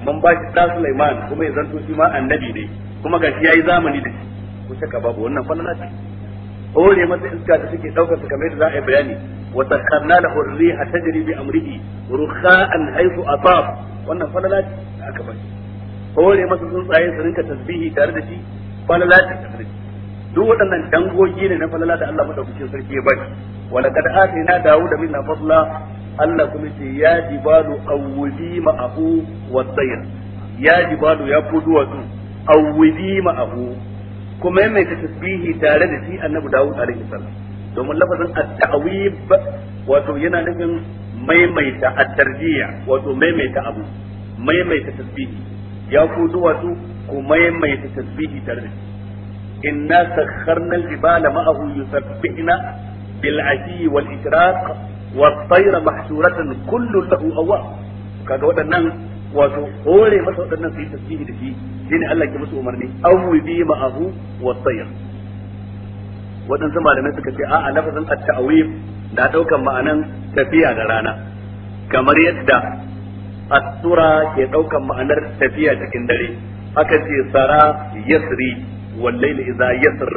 mun ba shi da Sulaiman kuma ya zanto shi ma annabi ne kuma ga shi yayi zamani da shi ku saka babu wannan falala ce hore masa iska da take daukar su kamar da za a yi bayani وسخرنا له الريح تجري بأمره رخاء حيث أطاف wannan falala ce da bari hore masa tsuntsaye su rinka tasbihi tare da shi falala ce ta sarki duk waɗannan dangogi ne na falala da Allah madaukakin sarki ya bari wa laqad atina dawud minna fadla Allah kuma ce ya jibalu awwidi ma'ahu wa tayr ya jibalu ya kuma mai tasbihi tare da shi annabi dawud alaihi domin lafazin at-ta'wib wato yana nufin maimaita at-tarjiya wato maimaita abu maimaita tasbihi ya ku duwatsu ku maimaita tasbihi tare inna sakharna al-jibala ma'ahu yusabbihna bil ashi wal ishraq wa tayra mahsuratan kullu lahu awwab waɗannan wato hore masa waɗannan su yi tasbihi da shi shine Allah ke musu umarni awi bi ma'ahu waɗansu malamai suka ce a'a lafazin at-ta'wif da daukan ma'anan tafiya da rana kamar yadda asura ke ɗaukan ma'anar tafiya cikin dare aka ce sara yasri wal layli idza yasr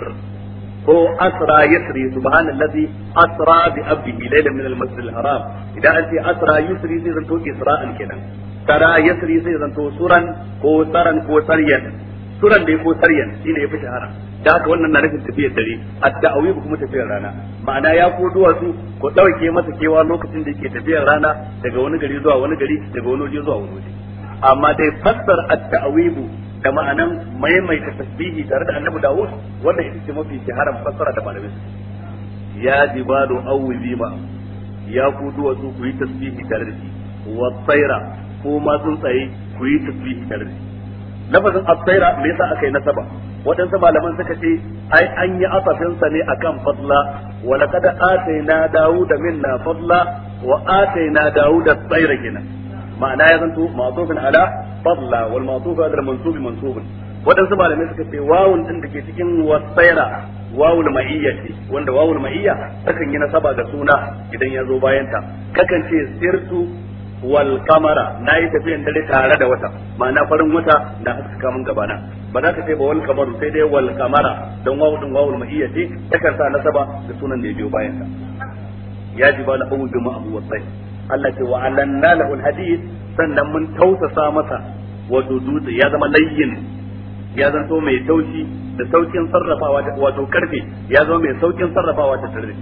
ko asra yasri subhanallazi asra bi abdihi laylan min al-masjid al-haram idan an ce asra yasri zai zanto isra'an kenan sara yasri zai zanto suran ko saran ko saryan suran da ko saryan shine ya fi shahara da haka wannan na nufin tafiyar dare hatta awi kuma tafiyar rana ma'ana ya ko duwatsu ko dauke masa kewa lokacin da yake tafiyar rana daga wani gari zuwa wani gari daga wani waje zuwa wani waje amma dai fassar at-ta'wibu da ma'anan maimaita tasbihi tare da annabi Dawud wanda ita ce mafi shaharan fassara da malamai ya jibalu awwibi ma ya ku duwatsu ku yi tasbihi tare da shi wa tsaira ko ma tsuntsaye ku yi tasbihi tare da shi lafazin at-tsaira me yasa aka yi nasaba waɗansu malaman suka ce ai an yi asafinsa ne akan fadla wa laqad atayna dawuda minna fadla wa atayna dawuda tsayra gina. ma'ana ya zanto ma'tufin ala fadla wal ma'tufu ala mansubi mansubun waɗansu malamai suka ce wawun din da ke cikin wasaira wawul ma'iyya ce wanda wawul ma'iyya takan yi nasaba ga suna idan ya zo bayanta kakan ce sirtu wal kamara nayi tafiyan dare tare da wata ma'ana farin wata da haskaka mun gabana ba za ka ce ba wal qamaru sai dai wal kamara don wawu din wawul ma'iyya ce takan sa nasaba da sunan da ya biyo bayan ta ya ji bala abu bi ma'abu wa sai Allah ce wa alanna lahu al sannan mun tausasa masa wato dutse ya zama layyin ya zanto mai taushi da saukin sarrafawa wato karfe ya zama mai saukin sarrafawa ta tare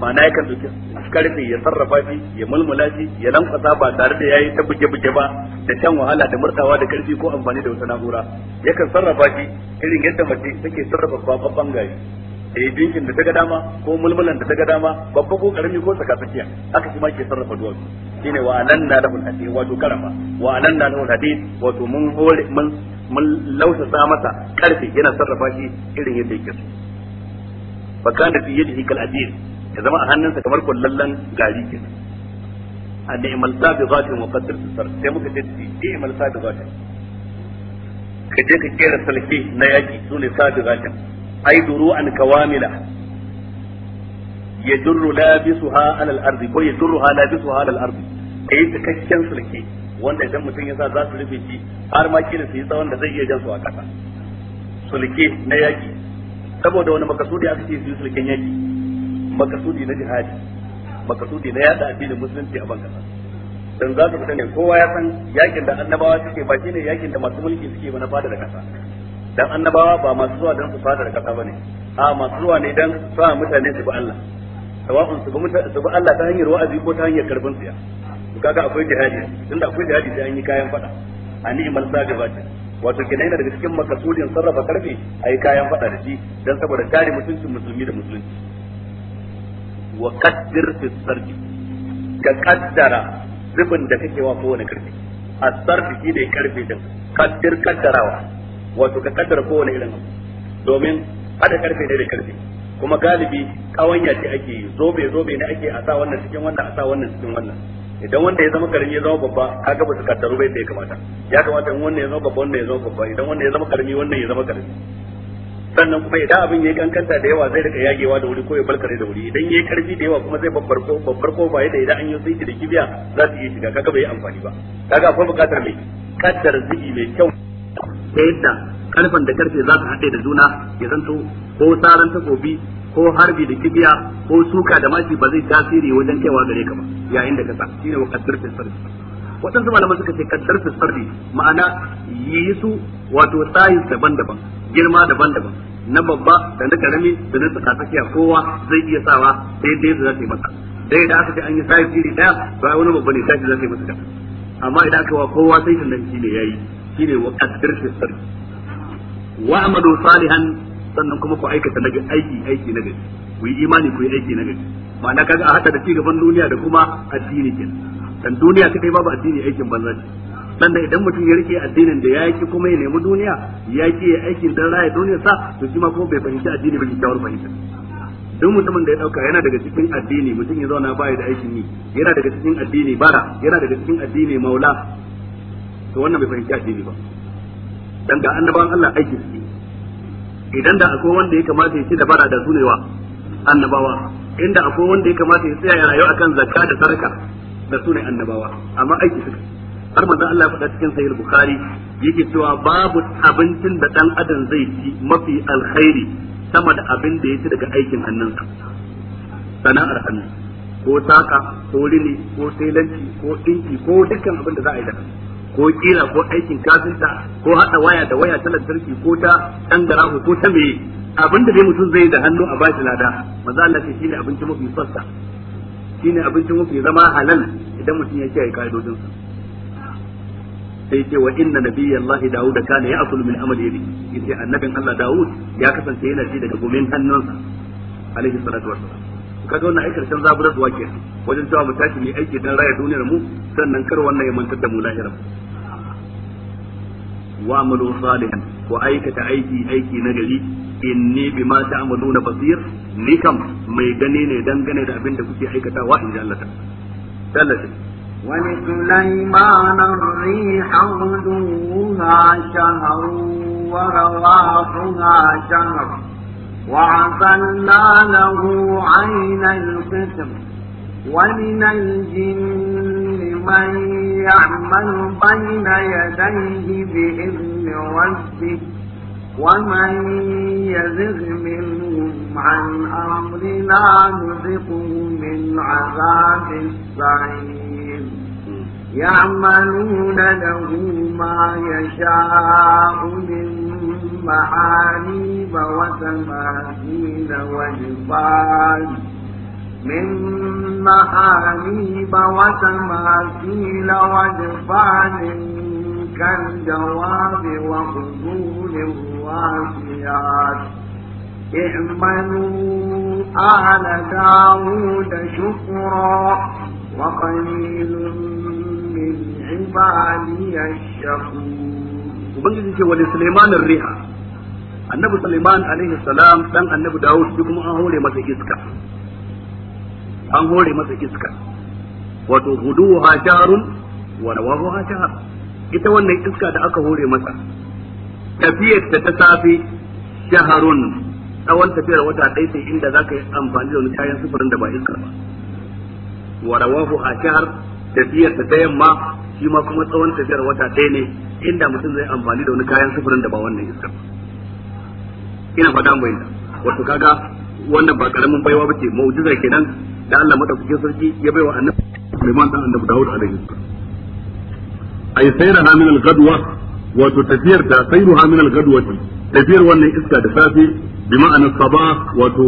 ma'ana yakan dauki karfi ya sarrafa shi ya mulmula shi ya lankwasa ba tare da yayi ta buge buge ba da shan wahala da murtawa da karfi ko amfani da wata na'ura yakan sarrafa shi irin yadda mace take sarrafa babban gari da ya dinkin da daga dama ko mulmulan da daga dama babba ko karami ko tsakatsakiya haka kuma ke sarrafa duwatsu shine wa ananna lahul hadid wato karama wa ananna lahul hadid wato mun hore mun mun lausa sa masa karfi yana sarrafa shi irin yadda yake so fa kana fi yadihi kal adil ya zama a hannunsa kamar kullallan gari ke a ni'mal sabizati muqaddir sar sai muka ce ni'mal sabizati ka je ka kera salke na yaki sune sabizatin ai duru an kawamila yadurru labisuha ala al-ardi ko yadurruha labisuha ala al-ardi kai cikakken sulke wanda idan mutum ya sa za su rufe shi har ma kila su yi tsawon da zai iya jan su a ƙasa sulke na yaƙi saboda wani makasudi aka ce su yi sulken yaƙi makasudi na jihadi makasudi na yada addinin musulunci a banka dan za su fita ne kowa ya san yakin da annabawa suke ba shine yakin da masu mulki suke ba na fada da kasa dan annabawa ba masu zuwa dan su fada da kasa bane a masu zuwa ne dan sa mutane su bi Allah sawa'un su bi su bi Allah ta hanyar wa'azi ko ta hanyar karbin siya to kaga akwai jihadi tunda akwai jihadi sai an yi kayan fada a ni'imar sabibatin wato kenan yana daga cikin makasudin sarrafa karfe ayi kayan fada da shi dan saboda kare mutuncin musulmi da musulunci wa qaddir fi sardi ka kaddara zubin da kake wa kowane karfi a sarfi shi ne karfi din qaddir kaddarawa wato ka kaddara kowane irin abu domin hada karfi ne da karfi kuma galibi kawanya ce ake yi zobe zobe ne ake a sa wannan cikin wannan a sa wannan cikin wannan idan wanda ya zama karami ya zama babba kaga ba su kaddaru bai da ya kamata ya kamata in wannan ya zama babba wannan ya zama babba idan wanda ya zama karami wannan ya zama karami sannan kuma idan abin ya yi kankanta da yawa zai rika yagewa da wuri ko ya balkare da wuri idan ya yi karfi da yawa kuma zai babbar ko babbar ko ba yadda idan an yi sai da kibiya za su iya shiga kaga bai amfani ba kaga akwai bukatar mai kaddar zigi mai kyau ta yadda karfan da karfe za su haɗe da juna ya zanto ko saran takobi ko harbi da kibiya ko suka da maki ba zai tasiri wajen kaiwa gare ka ba yayin da ka sa shine wakaddar fil sarki. waɗansu malaman suka ce kaddar su sarri ma'ana yi su wato tsayin daban-daban girma daban-daban na babba da na karami da na tsakatsakiya kowa zai iya sawa daidai da za su yi masa dai da aka ce an yi sayin iri daya ba wani babba ne sashi za su yi masa amma idan aka wa kowa sai shi nan shine yayi shine wa kaddar su sarri wa amadu salihan sannan kuma ku aikata nagari aiki aiki gari ku yi imani ku yi aiki gari ma'ana kaga a hada da cigaban duniya da kuma addini kenan dan duniya kadai babu addini aikin banza ce dan da idan mutum ya rike addinin da yaki kuma ya nemi duniya yaki ya aikin dan raya duniyar sa to shi ma kuma bai fahimci addini ba ki kyawar fahimta duk mutumin da ya dauka yana daga cikin addini mutum ya zauna bai da aikin ni, yana daga cikin addini bara yana daga cikin addini maula to wannan bai fahimci addini ba dan ga annabawan Allah aikin shi idan da akwai wanda ya kamata ya ci da bara da sunewa annabawa inda akwai wanda ya kamata ya tsaya ya rayu akan zakka da sarka da sunan annabawa amma aiki suka har manzo Allah faɗa cikin sahih bukhari yake cewa babu abincin da dan adam zai ci mafi alkhairi sama da abin da ya daga aikin hannunsa sana'ar hannu ko saka ko rini ko telanci ko dinki ko dukkan abin da za a yi da ko kira ko aikin kafinta ko hada waya da waya ta lantarki ko ta garahu ko ta meye abin da dai mutum zai da hannu a bashi lada maza Allah shi shine abinci mafi fassa shine abincin muku ya zama halal idan mutum ya kiyaye ka'idodin sa sai ce wa inna nabiyallahi daud kana ya'kulu min amali yadihi yace annabin Allah daud ya kasance yana ci daga gumin hannunsa alaihi salatu wassalam kaga wannan ai karshen zaburar wake wajen cewa mu tashi mu aiki dan raya duniyar mu sannan kar wannan ya mantar da mu lahirar واعملوا صالحا وأيك تعيتي أيكي نجلي إني بما تعملون بصير لكم ميدانين دنقني دعبين دكوتي أيكا واحد جعلة ثلاثة ولسليمان الريح غدوها شهر ورواحها شهر وعزلنا له عين القسم ومن الجن من يعمل بين يديه بإذن ربه ومن يزغ منهم عن أمرنا نذقه من عذاب السعير يعملون له ما يشاء من محاريب وتماثيل وجبال من محاريب وتماثيل وجفان كالجواب وقبول da اعملوا آل داود شكرا وقليل من عبادي الشكور ubangiji ce wani suleiman riha annabi suleiman alaihi salam dan annabi dawud duk kuma an hore masa iska an hore masa iska wato huduha hajarun wa rawahu hajar ita wannan iska da aka hore masa tafiyar ta ta safi shaharun tsawon tafiyar wata ɗaya sai inda zaka yi amfani da wani kayan sufurin da ba iska ba wa rawahu a tafiyar ta yamma shi ma kuma tsawon tafiyar wata dai ne inda mutum zai amfani da wani kayan sufurin da ba wannan iska ba ina fata mai wato kaga wannan ba karamin baiwa bace mu'jiza kenan da Allah madaukakin sarki ya baiwa annabi Sulaiman dan annabi Dawud alaihi ay sayraha min al-ghadwa wato tafiyar ta sayruha min al-ghadwati tafiyar wannan iska da safe bi ma'anar sabah wato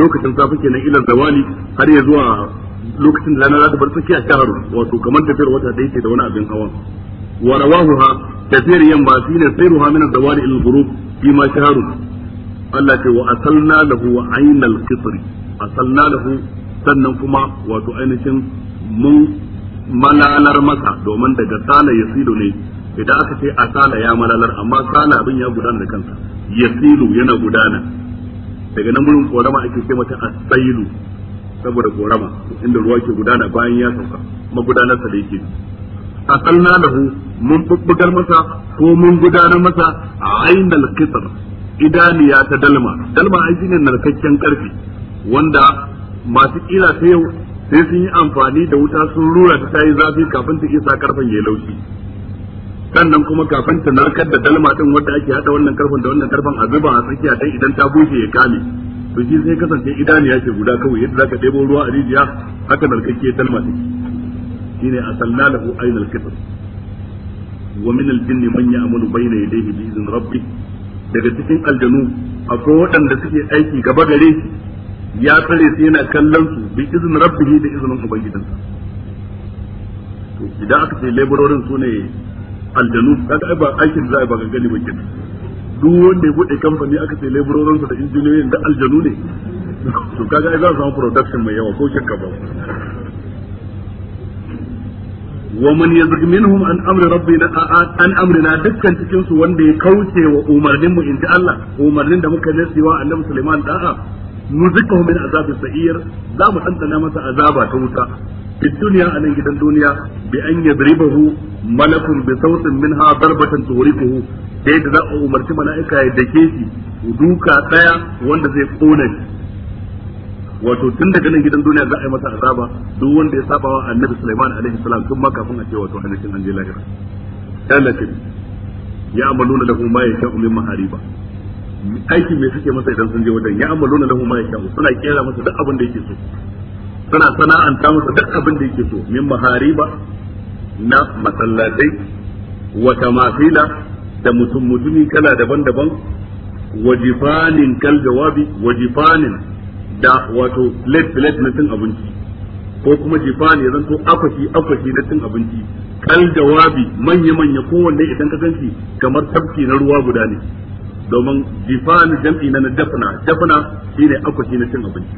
lokacin safe kenan ila zawali har ya zuwa lokacin da rana za ta bar a shahar wato kamar tafiyar wata da yake da wani abin hawa wa ha tafiyar yamma shine sayruha min az-zawali ila al-ghurub fi ma shaharu Allah ce wa asalna lahu ainal qitri da lahu sannan kuma wato ainihin mun malalar masa domin daga sala silo ne idan aka ce a asala ya malalar amma sala abin ya gudana da kansa ya silo yana gudana daga nan gurin korama ake ce mata asailu saboda korama inda ruwa ke gudana bayan ya sauka magudanar sa da yake da lahu mun bubbugar masa ko mun gudanar masa ainal qisr idaniya ta dalma dalma ai shine narkakken karfi wanda masu kila ta yau sai sun yi amfani da wuta sun rura ta tayi zafi kafin ta isa karfen ya laushi sannan kuma kafin ta narkar da dalma din wanda ake hada wannan karfen da wannan karfen a zuba a tsakiya dan idan ta bushe ya kame to shi sai kasance idaniya ce guda kawai yadda zaka debo ruwa a rijiya haka narkakke dalma din shine asalna lahu ainal kitab wa min al jinni man ya'malu bayna yadayhi bi idzin rabbih daga cikin aljanu akwai waɗanda suke aiki gaba gare ya tsare su yana kallon su bi izin rabbihi da izinin ubangidansa to idan aka ce laborerin su ne aljanu kaga ba aikin za a ba gangani ba kenan duk wanda ya bude kamfani aka ce laborerin da injiniyoyin da aljanu ne to kaga ai za su samu production mai yawa ko shakka ba wa man yazg minhum an amri rabbina an amrina dukkan cikin su wanda ya kauce wa umarnin mu inda Allah umarnin da muka nasiwa annabi Sulaiman da'a nuzikahu min azabi sa'ir za mu tantana masa azaba ta wuta fi duniya a nan gidan duniya bi an yadribahu malakun bi sautin min minha darbatan tuwriquhu da yadda za a umarci mala'ika ya dake shi duka daya wanda zai kona shi wato tun daga nan gidan duniya za a yi masa azaba duk wanda ya saba wa annabi Sulaiman alaihi salam tun ma kafin a ce wato hadisin an je lahira ya lakin ya amaluna lahu ma yasha'u min mahariba aiki mai suke masa idan sun je wajen ya amaluna lahu ma kyau suna kera masa duk abin da yake so suna sana'anta masa duk abin da yake so min mahariba na masallatai wa tamafila da mutum mutumi kala daban-daban wajifanin kal jawabi wajifanin da wato plate plate na cin abinci ko kuma jifani ya zanto afashi afashi na cin abinci kal jawabi manya manya kowanne idan ka ganci kamar tafki na ruwa guda ne domin jifan jam'i na na dafna dafna shine akwati na cin abinci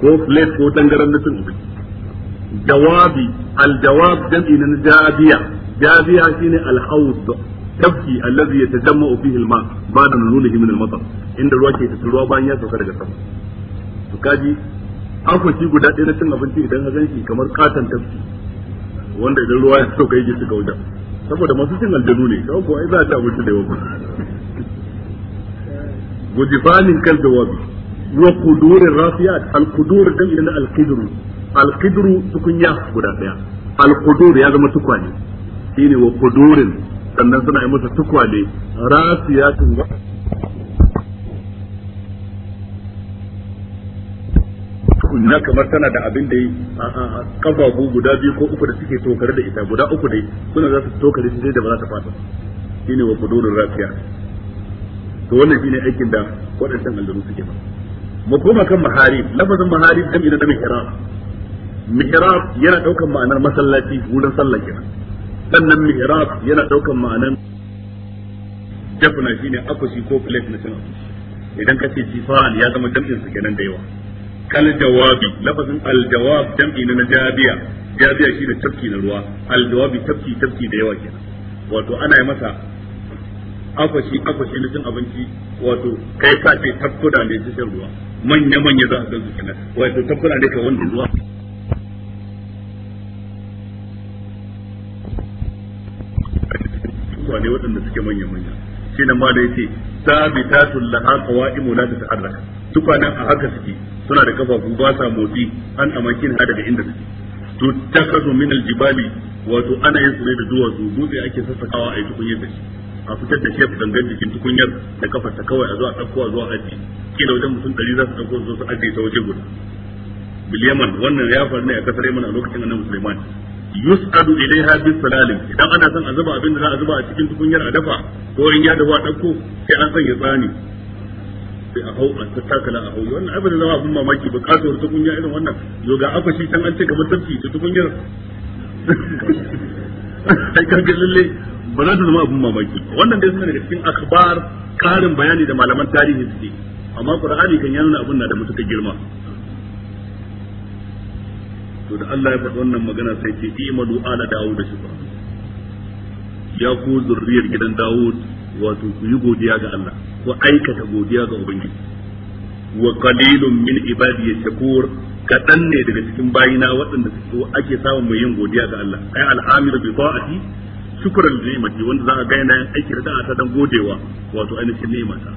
ko plate ko dangaren na cin abinci jawabi aljawab jam'i na jabiya jabiya shine alhaud tafki allazi yatajamma'u fihi alma ba'da nuzulihi min almatar inda ruwa ke tattaruwa bayan ya sauka daga sama to kaji akwati guda ɗaya na cin abinci idan ka ganshi kamar katon tafki wanda idan ruwa ya sauka yake shiga wajen saboda masu cin aljanu ne kawai ko ai za a ta abinci da yawa ودفان كالجواب وقدور الرافيات القدور كان إلى القدر القدر تكون يا غدا القدور يا زما تكواني shine وقدور kudurin sannan suna yi masa tukwane rasiyatun na kamar tana da abin da kafafu guda biyu ko uku da suke tokar da ita guda uku dai suna za su tokare su da ba za ta fata shine wa kudurin rafiya to wannan shine aikin da waɗannan aljanu suke ba mu koma kan mahari lafazin mahari dan idan da mihrab mihrab yana daukan ma'anar masallaci wurin sallah kenan sannan mihrab yana daukan ma'anar jafna shine akushi ko plate na cin idan ka ce jifal ya zama jam'in su kenan da yawa kal jawabi lafazin al jawab jam'i na jabiya jabiya shine tafki na ruwa al jawabi tafki tafki da yawa kenan wato ana yi masa akwashi akwashi na cin abinci wato kai ka ce tafkuda ne su shan ruwa manya manya za a san su kenan wato tafkuda ne ka wanda ruwa ne waɗanda suke manya manya shi nan ma da yace sabitatul laha qawaimu la tataharrak tukwanan a haka suke suna da kafafu ba sa motsi an amakin ha daga inda suke to takazu min aljibali wato ana yin su ne da duwatsu dutse ake sassakawa a yi tukunyar da shi a fitar da shef gangan jikin tukunyar da kafarta kawai a zuwa ɗauko a zuwa aji kila wajen mutum ɗari za su ɗauko su zo su ajiye ta waje guda biliyaman wannan ya faru ne a kasar yaman a lokacin annabi sulaiman yus'adu ha bis salalim idan ana son a zuba abin da za a zuba a cikin tukunyar a dafa ko in ya dafa ɗauko sai an sanya tsani sai a hau a tattakala a hau wannan abin da zama abin mamaki bukatuwar tukunya irin wannan yau ga aka shi can an ce kamar tafki ta tukunyar ai kaga lalle ba za ta zama abin mamaki wannan dai suna da cikin akhbar karin bayani da malaman tarihi suke amma qur'ani kan yana abin na da mutuka girma to da Allah ya faɗi wannan magana sai ce imanu ala daud da shukra ya ku zurriyar gidan daud wato ku yi godiya ga Allah ku aikata godiya ga ubangiji wa qalilun min ibadi shakur kaɗan ne daga cikin bayina waɗanda ake samun mai yin godiya ga Allah ai al'amiru bi ta'ati shukran ni'imati wanda za a ga yana aiki da ta dan godewa wato ainihin ni'imata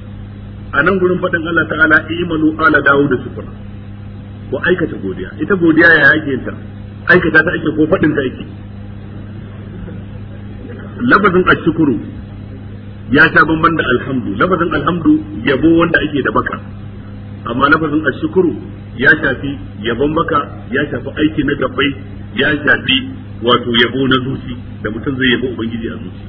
a nan gurin faɗin Allah ta'ala imanu ala dawo da shukura ko aikata godiya ita godiya ya ake ta aikata ta ake ko faɗin ta ake labazin ashkuru ya sha bamban da alhamdu labazin alhamdu yabo wanda ake da baka amma lafazin ashkuru ya shafi yabon baka ya shafi aiki na gabbai ya shafi wato yabo na zuci da mutum zai yabo ubangiji a zuci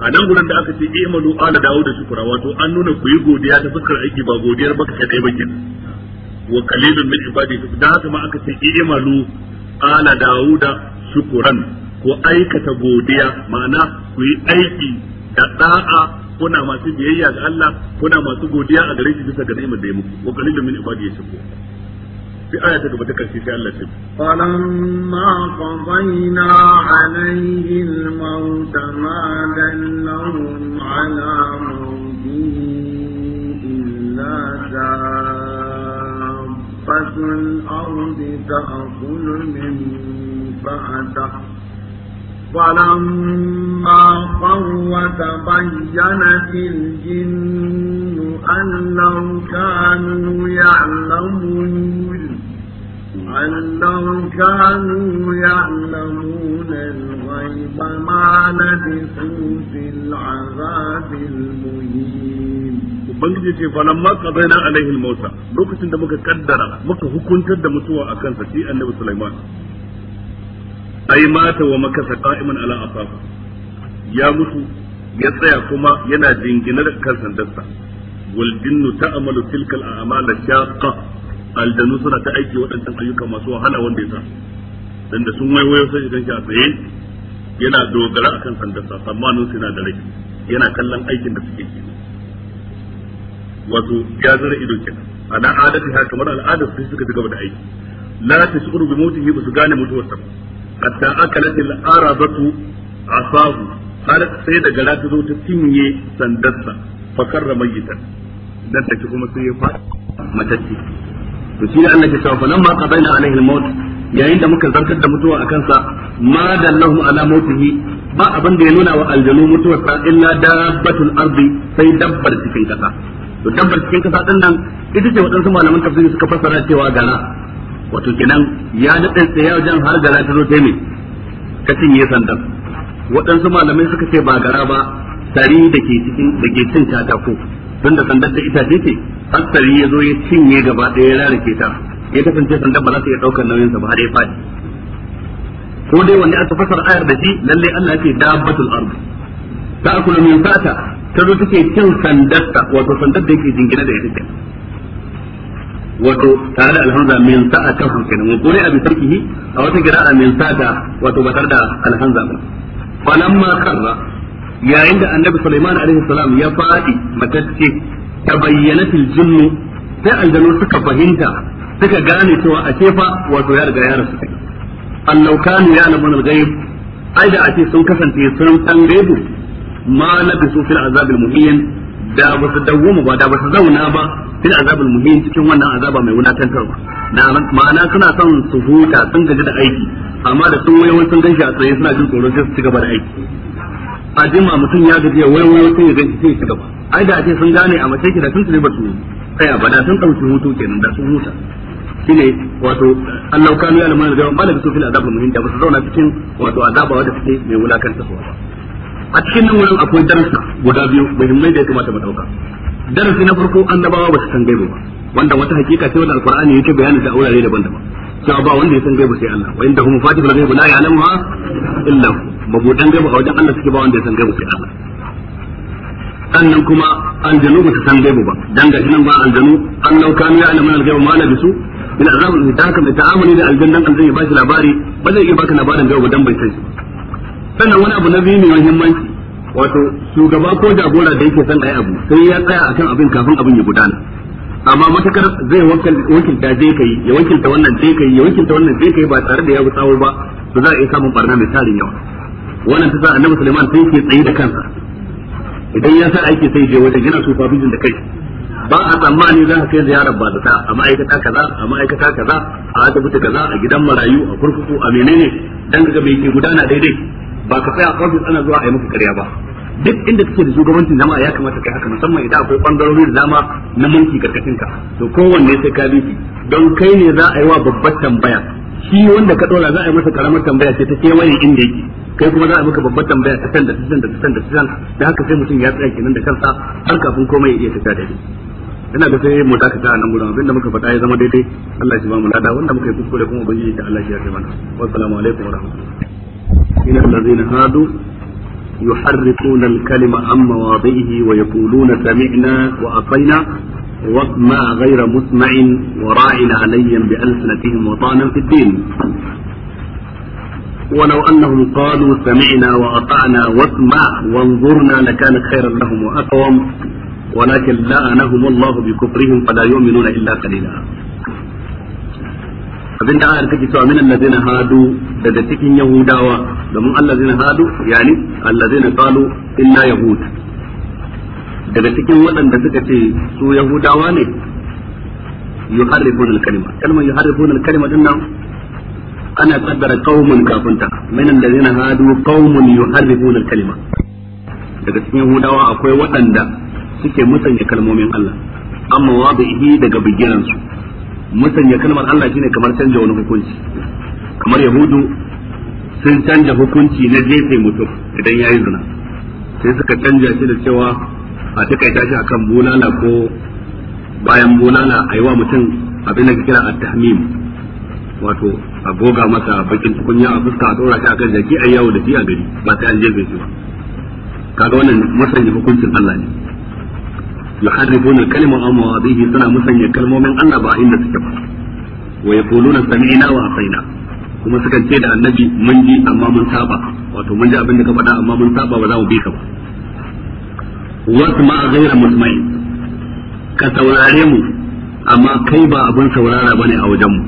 a nan gudan da aka ce imalu ala dawo da shukura wato an nuna ku yi godiya ta fuskar aiki ba godiyar baka ta kai bakin wa kalilun min ibadi da haka ma aka ce imalu ala dawo da shukuran ko aikata godiya ma'ana ku yi aiki da da'a kuna masu biyayya ga Allah kuna masu godiya a gare shi bisa ga ni'imar da ya muku wa kalilun min ibadi ya shukura في آية تبتكر في الله فلما قضينا عليه الموت ما دلهم على موته إلا دابة الأرض تأكل من فأتحت فلما خر تبينت الجن أن لو كانوا يعلمون أن لو كانوا يعلمون الغيب ما لبثوا في العذاب المهين Ubangiji ce falamma qadaina alaihi al-mauta lokacin da muka kaddara muka hukuntar da mutuwa akan sa shi Annabi Sulaiman ai mata wa makasa qa'iman ala afaf ya mutu ya tsaya kuma yana jingina da kan sandarsa wal jinnu ta'malu tilkal a'mal shaqqa aljanu suna ta aiki waɗannan ayyuka masu wahala wanda ya sa dan da sun waiwayo sai idan shi a tsaye yana dogara akan sandarsa tsammanin su yana da rai yana kallon aikin da suke yi wato ya zara ido kenan ana adati ha kamar al'adar sai suka ci gaba da aiki la tashuru bi mutu ba su gane mutuwarsa ba حتى أكلت al عصاه asahu سيدة sai ذو تسيني سندسة فكر ميتا فات أنك سوف لما قضينا عليه الموت على موته yayin da muka da ba abin da ya nuna wa aljanu mutuwar sa ita ce wadansu malaman tafsiri suka fassara cewa gara wato kenan ya nade tsaye wajen har gara ta zo ta ne ka cinye sandan waɗansu malamai suka ce ba gara ba tari da ke cikin da ke cin katako tun da sandar da ita ce har ya zo ya cinye gaba ɗaya ya rarrake ta ya kasance sandar ba za ta iya ɗaukar sa ba har ya faɗi ko dai wanda aka fasar ayar da shi lalle Allah ya ce dabbatul ard ta akulu min fata ta zo take cin sandarta wato sandar da yake jingina da ita wato tare da alhamza min sa'atahu kenan ko ne abi sarkihi a wata qira'a min sa'ata wato ba tare da alhamza ba falamma karra yayin da annabi Sulaiman alaihi salam ya fadi matacce tabayyanatil jinnu sai aljanu suka fahimta suka gane cewa a fa wato ya riga ya rasu allau kanu ya'lamun al-ghaib ai da ake sun kasance sun san gaibu ma na labisu fil azabil muhin da ba su dawwama ba da ba su zauna ba fil azabul muhim cikin wannan azaba mai wulakantarwa da ma'ana suna son su huta sun gaji da aiki amma da sun wayo sun ganshi a tsaye suna jin tsoron sai su ci gaba da aiki a jima mutum ya gaji ya wayo wayo sai ya ganshi sai ya ci gaba ai da ake sun gane a mace ki da sun tsare ba su kai ba da sun dauki hutu kenan da sun huta shine wato Allah kanu ya lamar da malaka su fil azabul muhim da ba su zauna cikin wato azaba wanda take mai wulakantarwa a cikin nan wurin akwai darussa guda biyu muhimmai da ya kamata mu dauka darasi na farko annabawa ba su san gaibu ba wanda wata hakika ce wanda alqur'ani yake bayanin ta aurare daban-daban cewa ba wanda ya san gaibu sai Allah wa inda hum fatihul ghaib la ya'lamuha illa hu mabudan gaibu a wajen Allah suke ba wanda ya san gaibu sai Allah sannan kuma an janu ba su san gaibu ba dan ga nan ba aljanu an lauka ne ya alamun algaibu ma na bisu bil azab da haka ta'amuli da aljannan zai ba shi labari ba zai iya baka labarin gaibu dan bai san shi sannan wani abu na biyu mai muhimmanci wato shugaba ko jagora da yake son ayi abu sai ya tsaya a kan abin kafin abin ya gudana amma matakar zai wakilta zai kai ya wakilta wannan zai kai ya wakilta wannan zai kai ba tare da ya gusawo ba to za a iya samun barna mai tarin yawa wannan ta sa annabi Suleiman sai ke tsaye da kansa idan ya sa aiki sai je wajen yana sufa bijin da kai ba a tsammani za ka kai ziyarar ba zata a ma'aikata kaza a ma'aikata kaza a asibiti kaza a gidan marayu a kurkuku a menene dan ga ke gudana daidai ba ka tsaya a ofis ana zuwa a yi muku karya ba duk inda kake da shugabancin jama'a ya kamata kai haka musamman idan akwai bangarori da dama na mulki karkashin ka to kowanne sai ka bi don kai ne za a yi wa babbar tambaya shi wanda ka dora za a yi masa karamar tambaya ce ta kewaye inda yake kai kuma za a yi maka babbar tambaya ta can ta can da can da can da haka sai mutum ya tsaya kenan da kansa har kafin komai ya iya tafiya daidai ina da sai mu dakata ta nan gudan abinda muka faɗa ya zama daidai Allah ya ba mu lada wanda muka yi kuskure kuma ubangiji da Allah ya kai mana wassalamu alaikum rahmatullahi من الذين هادوا يحرفون الكلم عن مواضعه ويقولون سمعنا وأطينا واسمع غير مسمع وراعنا عليا بألسنتهم وطعنا في الدين ولو أنهم قالوا سمعنا وأطعنا واسمع وانظرنا لكان خيرا لهم وأقوم ولكن لعنهم الله بكفرهم فلا يؤمنون إلا قليلا abin da ayar take cewa min allazina hadu daga cikin yahudawa domin allazina hadu yani allazina qalu inna yahud daga cikin waɗanda suka ce su yahudawa ne yuharrifuna al-kalima kalmar yuharrifuna al-kalima din nan ana kaddara qaumun kafunta. min allazina hadu qaumun yuharrifuna al-kalima daga cikin yahudawa akwai waɗanda suke musanya kalmomin Allah amma wa bihi daga bigiransu musanya kalmar Allah shine kamar canja wani hukunci kamar yahudu sun canja hukunci na jefe mutum idan yayi zina sai suka canja shi da cewa a takaita shi akan bulala ko bayan bulala a yi wa mutum abin da kira at-tahmim wato a goga masa bakin tukunya a fuska a tsora shi akan jaki a yawo da shi a gari ba sai an jefe shi ba kaga wannan musanya hukuncin Allah ne yuharrifuna al-kalima an mawadhihi suna musanya kalmomin Allah ba inda suke ba wa yaquluna sami'na wa atayna kuma sukan ce da annabi mun ji amma mun saba wato mun ji abin da ka faɗa amma mun saba ba za mu bi ka ba wasu ma gaira ka saurare amma kai ba abin saurara bane a wajen mu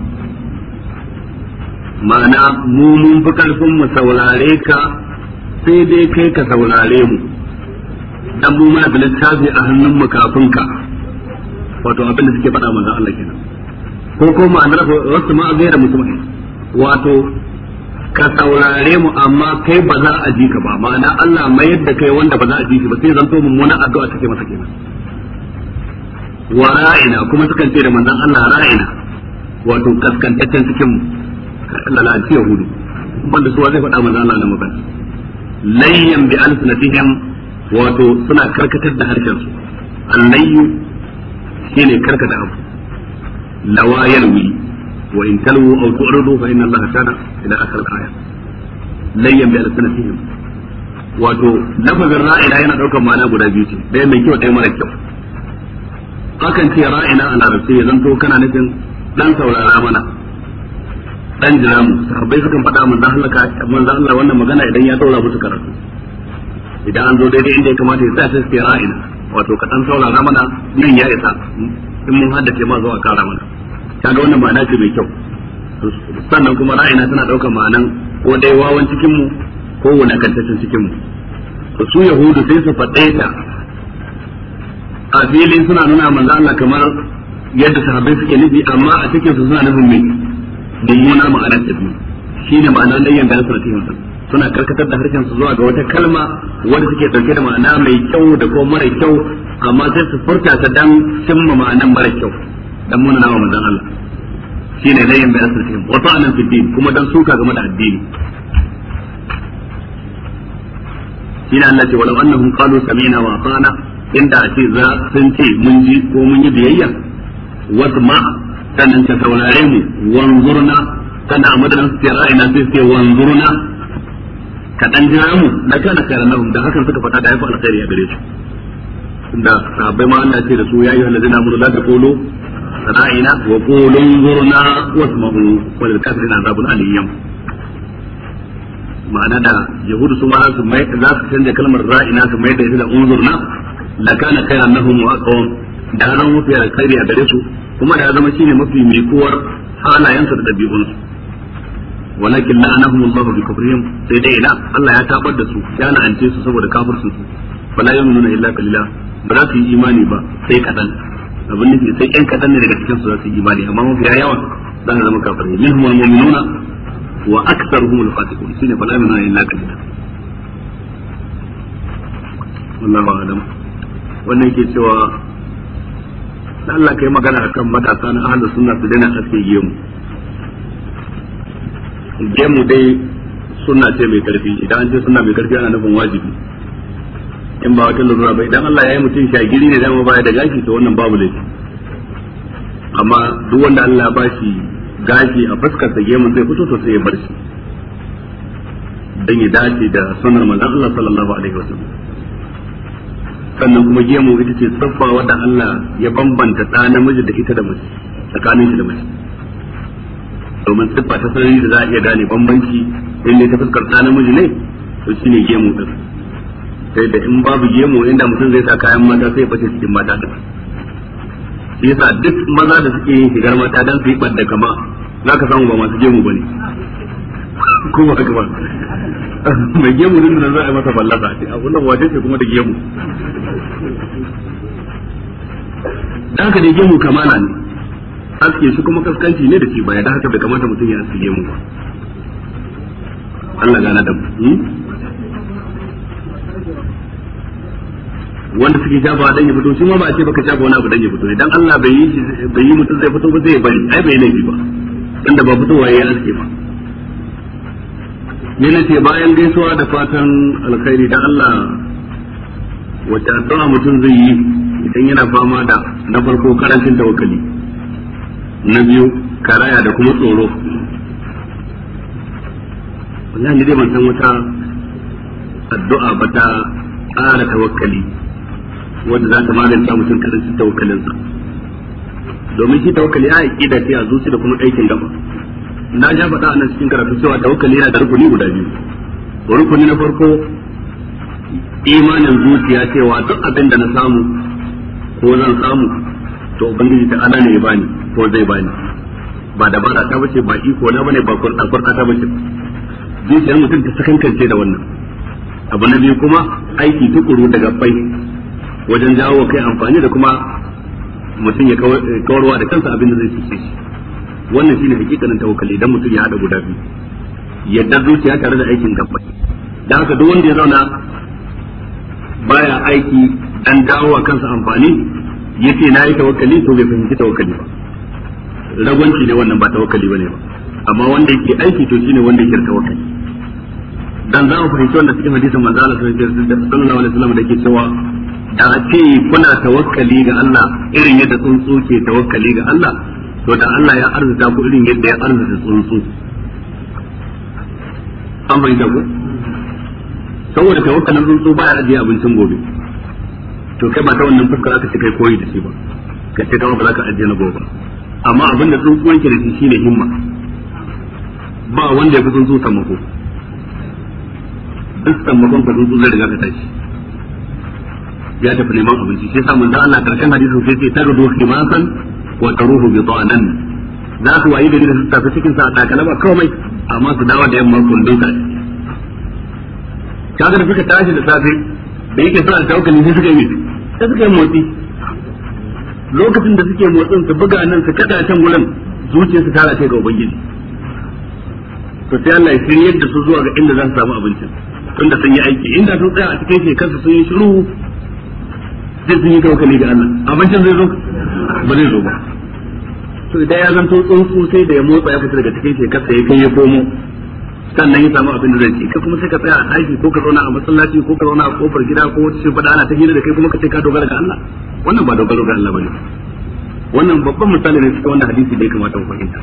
ma'ana mu mun fi karfin mu saurare ka sai dai kai ka saurare mu dan mu mana da littafi a hannun mu kafin ka wato abin da suke faɗa manzon Allah kenan ko ko rafa wasu ma gaira mutum wato ka saurare mu amma kai ba za a ji ka ba ma'ana Allah mayar da kai wanda ba za a ji shi ba sai zanto mummuna addu'a take masa kenan wa ra'ina kuma sukan ce da manzon Allah ra'ina wato kaskantaccen cikin mu lalaci yahudu banda su zai faɗa manzon Allah na mabani layyan bi alsinatihim wato suna karkatar da harshen su allayyu shine karkata abu lawa wi wa in talwu aw tu'ridu fa inna allaha kana ila akhir al-aya layyan bi al-sanatihim wato lafazin ra'ina yana daukar ma'ana guda biyu ce ɗaya mai kyau ɗaya mara kyau akan ce ra'ina a larabci ya zanto kana nufin dan saurara mana dan jira mu sahabbai sukan faɗa manzo Allah manzo Allah wannan magana idan ya daura musu karatu idan an zo daidai inda ya kamata ya sa sai su ra'ina wato ka dan saurara mana nan ya isa in mun haddace ma zuwa kara mana kaga wannan ma'ana ce mai kyau sannan kuma ra'ina tana daukar ma'anan ko dai wawan cikin mu ko wani kantaccen cikin mu su yahudu sai su faɗe ta a filin suna nuna manzo Allah kamar yadda sahabbai suke nufi amma a cikin su suna nufin mai mummuna ma'anar tafi shine ma'anar da yanda suka tafi suna karkatar da harshen su zuwa ga wata kalma wanda suke dauke da ma'ana mai kyau da ko mara kyau amma sai su furta ta dan cimma ma'anan mara kyau dan mun nawa manzon Allah shine zai yin bayan cikin wa anan fi din kuma dan suka game da addini shine Allah ce walau annahum qalu sami'na wa ata'na inda a ce za sun ce mun ji ko mun yi biyayya ma sannan ta saurare mu wanzurna kana a madadin su ce ra'ayina sai ce wanzurna kaɗan jira mu na kana kare lahum da hakan suka fata da yafi alkhairi a gare su da sahabbai ma Allah ce da su ya ayyuhal ladina amanu la taqulu ra'ina wa qulu zurna wasma'u wal na azabun aliyam ma'ana da yahudu su ma su mai za su canza kalmar ra'ina su mai da ita da unzurna la kana khairan mu wa qawm da ran mafi alkhairi a gare su kuma da zama shine mafi halayen su da su walakin la'anahum Allah bi kufrihim sai dai ina Allah ya tabar da su ya la'ance su saboda kafircin su fala yu'minuna illa qalila ba za su yi imani ba sai kadan abin nufi sai yan kadan ne daga cikin su za su yi imani amma mafiya yawa za su zama kafirai minhum wa illa wannan ke cewa Allah kai magana akan matasa na ahlus sunna su daina aske gemu gemu dai suna ce mai karfi idan an ce suna mai karfi ana nufin wajibi in ba wata lura ba idan Allah ya yi mutum shagiri ne dama baya da gashi to wannan babu laifi amma duk wanda Allah ya bashi gashi a fuskar sa gemun zai fito to sai ya bar shi dan ya dace da sunnar manzon Allah sallallahu alaihi wasallam sannan kuma gemu ita ce tsaffa wadda Allah ya bambanta da namiji da ita da mace tsakanin shi da mace domin siffa ta sarari da za a iya gane bambanci inda ta fuskar ta namiji ne to ne gemu din sai da in babu gemu inda mutum zai sa kayan mata sai ya bace cikin mata din yasa duk maza da suke yin shigar mata dan su yi ɓadda kama za ka samu ba masu gemu ba ne ko ba ka ba mai gemu din nan za a yi masa ballasa a wannan ce kuma da gemu dan ka ne gemu kamana ne aske shi kuma kaskanci ne da ke baya da haka bai kamata mutum ya aske mu ba Allah gana da hmm? wanda suke jaba a ya fito shi ma ba a ce baka jaba wani abu dan ya fito idan Allah bai yi mutum zai fito ba zai bari ai bai laifi ba inda ba fito waye ya aske ba ne na ce bayan gaisuwa da fatan alkhairi da Allah wata addu'a mutum zai yi idan yana fama da na farko karancin tawakkali na biyu karaya da kuma tsoro wallahi ni dai ban san wata addu'a ba ta ƙara tawakkali wanda za ta magance mutum tawakkalin tawakkalinsa domin shi tawakkali a aƙida ce a zuci da kuma aikin gaba na ja faɗa nan cikin karatu cewa tawakkali yana da rukuni guda biyu rukuni na farko imanin zuciya cewa duk abin da na samu ko zan samu to ubangiji ta ana ne ya bani ko zai bani ba da dabara ta bace ba iko na bane ba kurɗa ta bace zuciyar mutum ta sakankance da wannan abu na biyu kuma aiki tukuru daga bai wajen jawo kai amfani da kuma mutum ya eh, kawarwa da kansa abin da zai cuce shi wannan shine hakikanin tawakkali idan mutum ya hada guda biyu yadda zuciya tare da aikin gabbai dan haka duk wanda ya zauna baya aiki dan dawo kansa amfani yake na yi tawakkali to bai fahimci tawakkali ba ragwanci ne wannan ba tawakkali bane ba amma wanda yake aiki to shine wanda yake tawakkali dan za mu fahimci wanda cikin hadisin manzo Allah sallallahu alaihi wasallam da ke cewa da a ce kuna tawakkali ga Allah irin yadda tsuntsu ke tawakkali ga Allah to da Allah ya arzuta ku irin yadda ya arzuta tsuntsu an fahimta ku saboda tawakkalin tsuntsu ya ajiye abincin gobe to kai ba ta wannan fuskar aka ce kai koyi da shi ba ka ce kama ba za ka ajiye na gobe amma abin da tsuntsuwan ki da shi shine himma ba wanda ya fi tsuntsu sammako duk sammakon ka tsuntsu zai riga ka tashi ya tafi neman abinci shi yasa manzo Allah karshen hadisin sai sai tagadu khimasan wa taruhu bi ta'anan za su wayi da su tafi cikin sa da kalaba komai amma su dawo da yamma kullun ta kaga da fika tashi da safe da yake suna tawakkalin sai suka yi sai suka yi motsi lokacin da suke motsin su buga nan su kada can gurin zuciyar su tara ce ga ubangiji to sai Allah ya shiryar da su zuwa ga inda za su samu abincin tunda sun yi aiki inda sun tsaya a cikin shekarsa sun yi shiru sai sun yi tawakkali ga Allah abincin zai zo ba zai zo ba to idan ya zanto tsuntsu sai da ya motsa ya fita daga cikin shekarsa ya kai ya komo sannan ya samu abin da zai ci ka kuma sai ka tsaya a ɗaki ko ka zauna a masallaci ko ka zauna a kofar gida ko wata shi faɗa ana ta hira da kai kuma ka ce ka dogara ga Allah wannan ba dogaro ga Allah bane wannan babban misali ne cikin wannan hadisi da ya kamata mu fahimta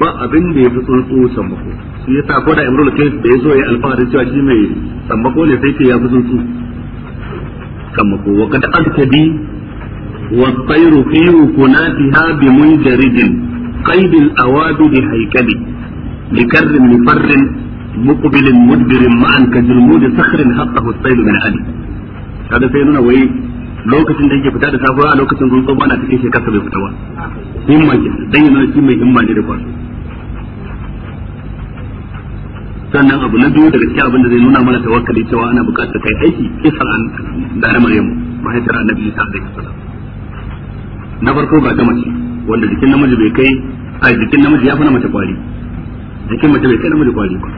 ba abin da ya fi tsuntsu sammako shi yasa ko da imrul kai da ya zo ya alfahari cewa shi mai sammako ne sai ce ya fi tsuntsu sammako wa kad adkabi wa tayru fi kunatiha bi munjaridin qaidil awabid haykali لكر مفر مقبل مدبر معا كجلمود صخر حقه السيل من علي هذا سيدنا وي lokacin da yake fita da safiya a lokacin tsuntsu ba na cikin shekarsa bai fita ba himma ke dan yana shi mai himma ne da kwazo sannan abu na daga cikin abin da zai nuna mana tawakkali cewa ana kai aiki kisan an da na maryamu mahaifiyar annabi isa alaihi salam na farko ga ta mace wanda jikin namiji bai kai a jikin namiji ya fi na mace kwari jikin mace bai kai namiji kwari ba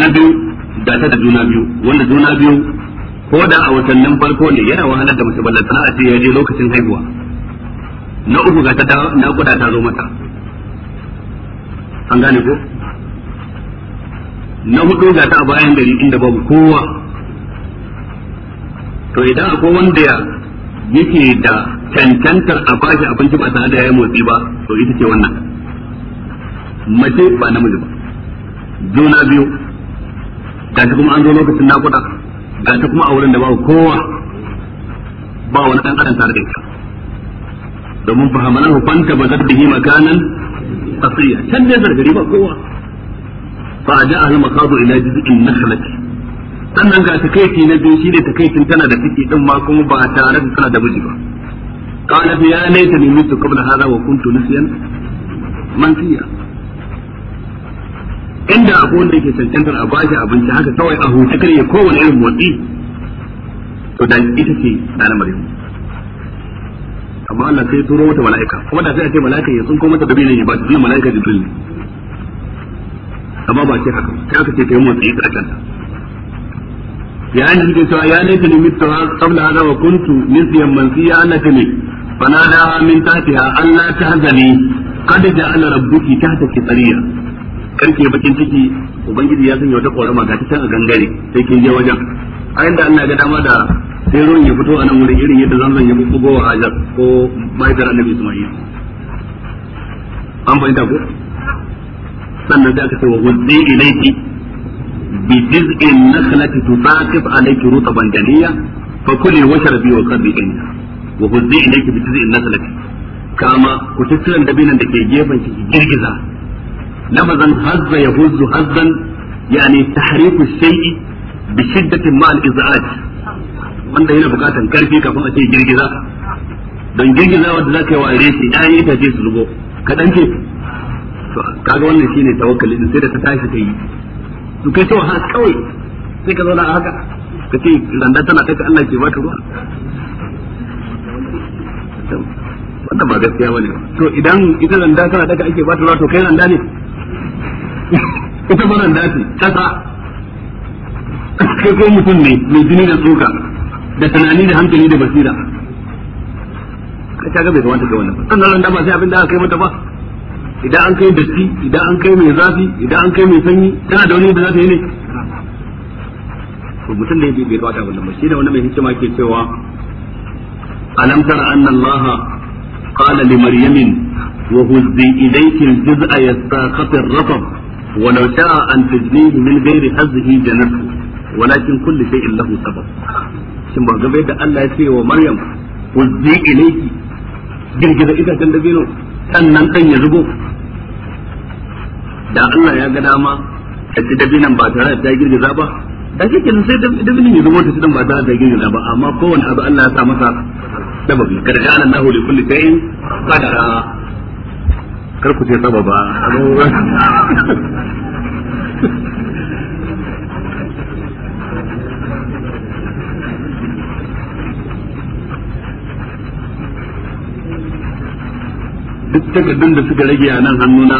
na biyu da ta da juna biyu wanda juna biyu ko da a watannin farko ne yana wahalar da mace ballan sana'a ce ya je lokacin haihuwa na uku ga ta na kuda ta zo mata an gane ko na hudu ga ta a bayan gari inda babu kowa to idan akwai wanda ya yake da cancantar a bashi abinci ba tare da ya motsi ba to ita ce wannan mace ba namiji ba juna biyu ga ta kuma an zo lokacin nakuda ga ta kuma a wurin da ba kowa ba wani dan adam tare da ita domin fa hamalahu fanta bazat bihi makanan qasriya can ne zargari ba kowa fa ja al maqadu ila jiz'in nakhlati sannan ga takaiti na biyu shine takaitin tana da fiki din ma kuma ba tare da tana da miji ba قالت يا ليتني مت قبل هذا وكنت نسيا منسيا inda abu wanda yake cancantar a bashi abinci haka kawai a hutu kar ya kowane irin motsi to da ita ce da lamarin amma Allah sai turo mata mala'ika kuma da sai a ce mala'ika ya tsinko mata dabino ne ba su sunan mala'ika jibril ne amma ba ce haka sai aka ce ta yi motsi ta kanta ya an ji cewa ya ne ta nemi ta qabla hada wa kuntu nisyan mansiya annaka ne fanada min tatiha an la tahzani qad ja'ala rabbuki tahtaki sariya karfe bakin ciki ubangiji ya sanya wata korama ga ta a gangare sai kin je wajen a yanda Allah ga dama da sai ruwan ya fito a nan wurin irin yadda zanzan ya bugo wa Hajar ko mahaifiyar Annabi Isma'il an fahimta ko sannan sai aka ce wa wuzzi ilayki bi diz'in nakhlati tusaqif alayki rutban jaliya fa kuli washrabi wa qabi inna wa wuzzi ilayki bi diz'in nakhlati kama ku tsiran dabinan da ke gefan ki girgiza lafazan hazza yahuzzu hazzan yani tahriku shay'i bi shiddatin ma al-iz'aj wanda yana bukatan karfi kafin a ce girgiza don girgiza wanda zaka yi wa reshe ɗayan itace su zubo kaɗan ce kaga wannan shine tawakkali din sai da ta tashi ta yi to kai tawa haka kawai sai ka zauna a haka ka ce Allah ke wannan ba gaskiya bane to idan ita randa tana daga ake bata ruwa to kai randa ne ita baran dace kasa kai ko mutum ne mai jini da tsoka da tunani da hankali da basira ka ga bai kamata ga wannan ba sannan da ba sai abin da aka kai mata ba idan an kai datti idan an kai mai zafi idan an kai mai sanyi tana da wani da za ta yi ne to mutum ne bai kamata wannan ba shi da wani mai hikima ke cewa alam tara anna allah qala li maryamin al-juz'a الجزء ar rafa. ولو شاء أن تجنيه من غير حظه جنته ولكن كل شيء له سبب shin ba gaba da Allah ya ce wa Maryam wuzzi ilayki girgiza itacen dabino sannan dan ya zubo da Allah ya ga dama ta ci dabinan ba tare da ta girgiza ba da kike sai dabinin ya zubo ta ci girgiza ba amma kowanne abu Allah ya sa masa sababi kada ja'ala Allahu li kulli shay'in qadara kar ku ce saba ba duk takardun da suka rage a nan hannuna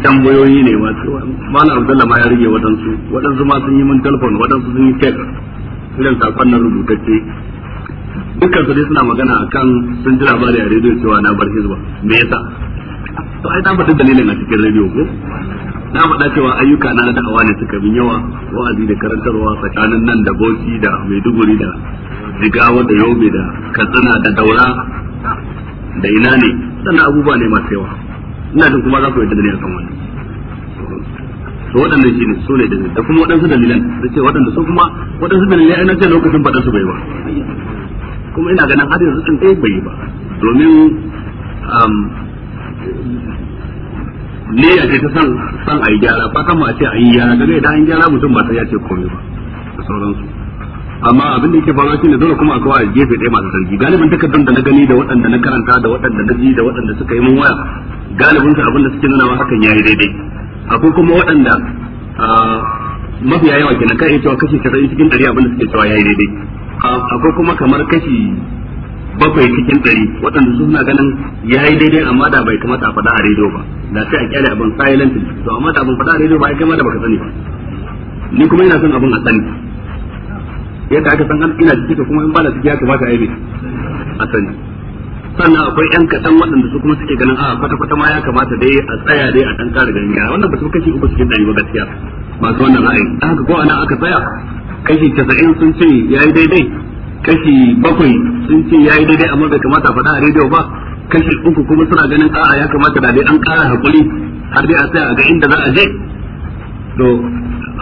tambayoyi ne wato mana abdulla ma ya rage waɗansu waɗansu ma sun yi min telefon waɗansu sun yi kek irin sakon nan rubutacce dukkan su dai suna magana akan sun ji labari a rediyo cewa na bar hizba me yasa to ai na faɗi dalilin a cikin rediyo ko na faɗa cewa ayyuka na da'awa ne suka bin yawa wa'azi da karantarwa tsakanin nan da boki da maiduguri da jigawa da yobe da katsina da daura da ina ne sannan abubuwa ne masu yawa ina jin kuma za ku yi dalilin kan wani to waɗannan shi ne su ne da kuma waɗansu dalilan da ce waɗanda su kuma waɗansu dalilan ina ce lokacin faɗa su bai ba kuma ina ganin har yanzu ɗin ɗaya bai ba domin um, ne ya ce ta san san a yi gyara ba kama a ce a yi gyara daga idan an gyara mutum ba sai ya ce komai ba da sauransu amma abin da yake faruwa shine dole kuma akwai a gefe ɗaya masu zargi galibin takardun da na gani da waɗanda na karanta da waɗanda na ji da waɗanda suka yi mun waya galibin su abin da suke nuna hakan ya yi daidai akwai kuma waɗanda mafiya yawa kenan kai cewa kashi 90 cikin 100 abin da suke cewa ya yi daidai akwai kuma kamar kashi bakwai cikin ɗari waɗanda su suna ganin ya yi daidai amma da bai kamata a faɗa a rediyo ba da sai a kyale abin silent to amma da abin faɗa a rediyo ba ai kai ma da baka sani ba ni kuma ina son abin a sani yadda aka san an ina cikin kuma in ba na ciki ya kamata a yi a sani sannan akwai yan kaɗan waɗanda su kuma suke ganin a kwata-kwata ma ya kamata dai a tsaya dai a ɗan ƙara ganin gyara wannan ba su kashi uku cikin ɗari ba gaskiya masu wannan ra'ayi haka ko ana aka tsaya kashi casa'in sun ce ya yi daidai kashi bakwai sun ce ya yi daidai amma bai kamata faɗa a rediyo ba kashi uku kuma suna ganin a'a ya kamata da dai an ƙara hakuri har dai a tsaya a ga inda za a je to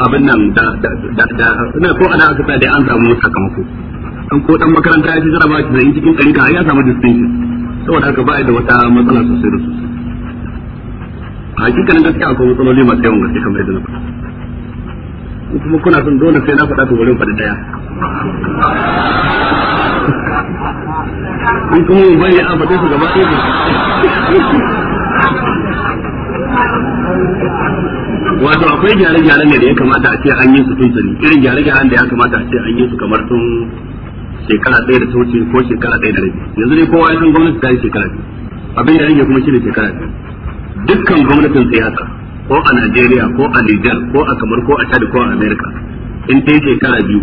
abin nan da da da ina ko ana aka tsaya dai an samu sakamako an ko dan makaranta ya ci jaraba ki zai cikin ɗari ka ya samu distinction saboda haka ba da wata matsala sosai da sosai hakikanin gaskiya akwai matsaloli masu yawan gaske kamar yadda na faɗa kuma kuna son dole sai na faɗa ta wurin faɗi daya in kuma mu bari a faɗi su gaba ɗaya wato akwai gyare-gyaren ne da ya kamata a ce an yi su tun sani irin gyare-gyaren da ya kamata a ce an yi su kamar tun shekara ɗaya da ta wuce ko shekara ɗaya da rabi yanzu dai kowa ya san gwamnati ta yi shekara biyu abin da rage kuma shi ne shekara biyu dukkan gwamnatin sai haka ko a Najeriya ko a Niger ko a kamar ko a Chad ko a America in dai shekara biyu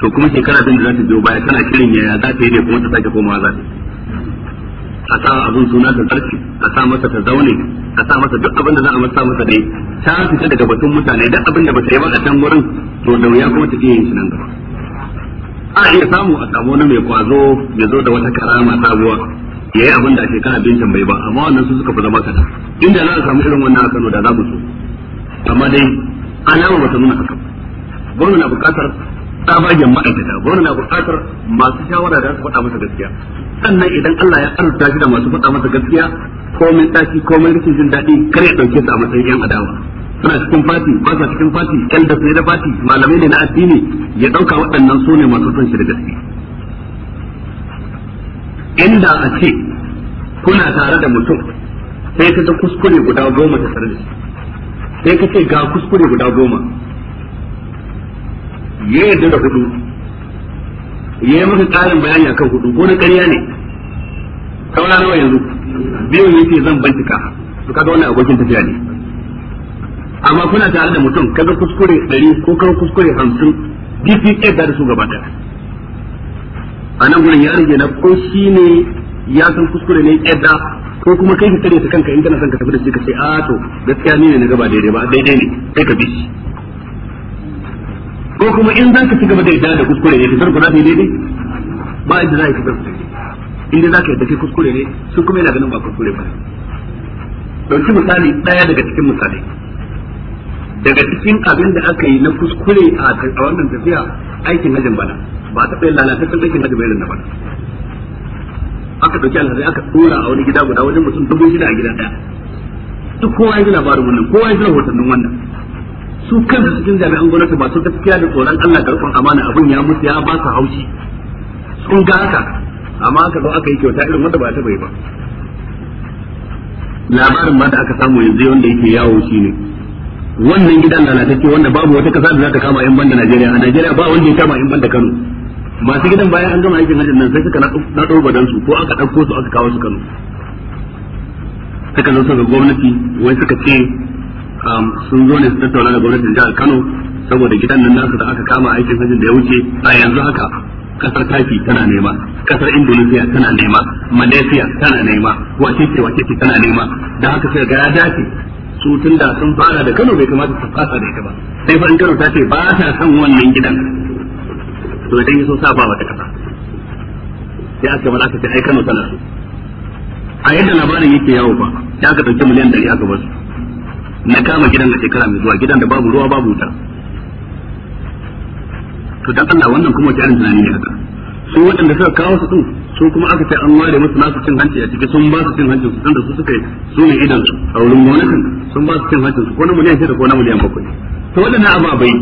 to kuma shekara din da za ta biyo baya tana kirin yaya za ta yi ne kuma ta sake komawa za ta a sa abin suna ta tsarki a sa masa ta zaune a sa masa duk abin da za a masa masa dai ta fita daga batun mutane duk abin da ba ta yi ba a can wurin to da wuya kuma ta iya yin shi nan gaba a iya samu a samu wani mai kwazo ya zo da wata karama sabuwa ya yi abin da a shekara can bai ba amma wannan su suka fi zama inda za a samu irin wannan a Kano da za mu so amma dai alama ba ta nuna haka gwamna na bukatar tsabagen ma'aikata gwamna na bukatar masu shawara da su faɗa masa gaskiya sannan idan Allah ya arzuta shi da masu faɗa masa gaskiya komai ɗaci komai rikin jin daɗi kar ya ɗauke su a matsayin 'yan adawa suna cikin fati ba su cikin fati ƴan da ne da fati malamai ne na addini ya ɗauka waɗannan su ne masu son shi da gaskiya inda a ce kuna tare da mutum sai ka ta kuskure guda goma ta tare da sai ka ce ga kuskure guda goma ya yi da hudu ya yi maka ƙarin bayani akan hudu ko na ƙarya ne saura nawa yanzu biyun yace zan bantika su kaga wannan abokin tafiya ne amma kuna tare da mutum kaga kuskure 100 ko kaga kuskure 50 DPA da su gaba ɗaya a nan gurin ya rage na ko shi ne ya san kuskure ne yadda ko kuma kai ka tare ta kanka inda na san ka tafi da shi ka ce a to gaskiya ni ne na gaba daidai ba daidai ne kai ka bi shi ko kuma in za ka ci gaba da yadda da kuskure ne ka ku za ta yi daidai ba yadda za ka ku daidai inda za ka yadda kai kuskure ne su kuma yana ganin ba kuskure ba ɗauki misali ɗaya daga cikin misalai daga cikin abin da aka yi na kuskure a wannan tafiya aikin hajjin bana ba ta yin lalataccen aikin daga bayanin da ba aka dauki alhazai aka tsora a wani gida guda wajen mutum dubu shida a gida daya duk kowa ya ji labarin wannan kowa ya ji rahotannin wannan su kansu cikin jami'an gwamnati ba su gaskiya da tsoron Allah da rufin amana abin ya mutu ya ba su haushi sun ga haka amma aka zo aka yi kyauta irin wanda ba ta bai ba labarin ma da aka samu yanzu wanda yake yawo shine wannan gidan lalatacce wanda babu wata kasa da za ta kama yan banda Najeriya a Najeriya ba wanda ya kama yan banda Kano masu gidan bayan an gama aikin hajji nan sai suka na ɗau badan su ko aka ɗauko su aka kawo su kano suka zo ga gwamnati wai suka ce um, sun zo ne su tattauna da gwamnatin jihar kano saboda gidan nan nasu da aka kama aikin hajji da ya wuce a yanzu haka kasar taki tana nema kasar indonesia tana nema malaysia tana nema wace ce wace ce tana nema da haka sai ga dace su tun da sun fara da kano bai kamata su fasa da ita ba sai farin kano ta ce ba ta san wannan gidan to idan sun sa ba wata kasa sai aka bar ka ce ai Kano sanar a yadda labarin yake yawo ba sai aka dauki miliyan 100 aka bar na kama gidan a shekara mai zuwa gidan da babu ruwa babu wuta to dan Allah wannan kuma jarin tunani ne haka su waɗanda suka kawo su din su kuma aka ce an ware musu nasu cin hanci a ciki sun ba su cin hanci su tunda su suka yi su ne idan su a wurin gwamnatin sun ba su cin hanci su ko na miliyan 6 ko na miliyan 7 to waɗannan ababai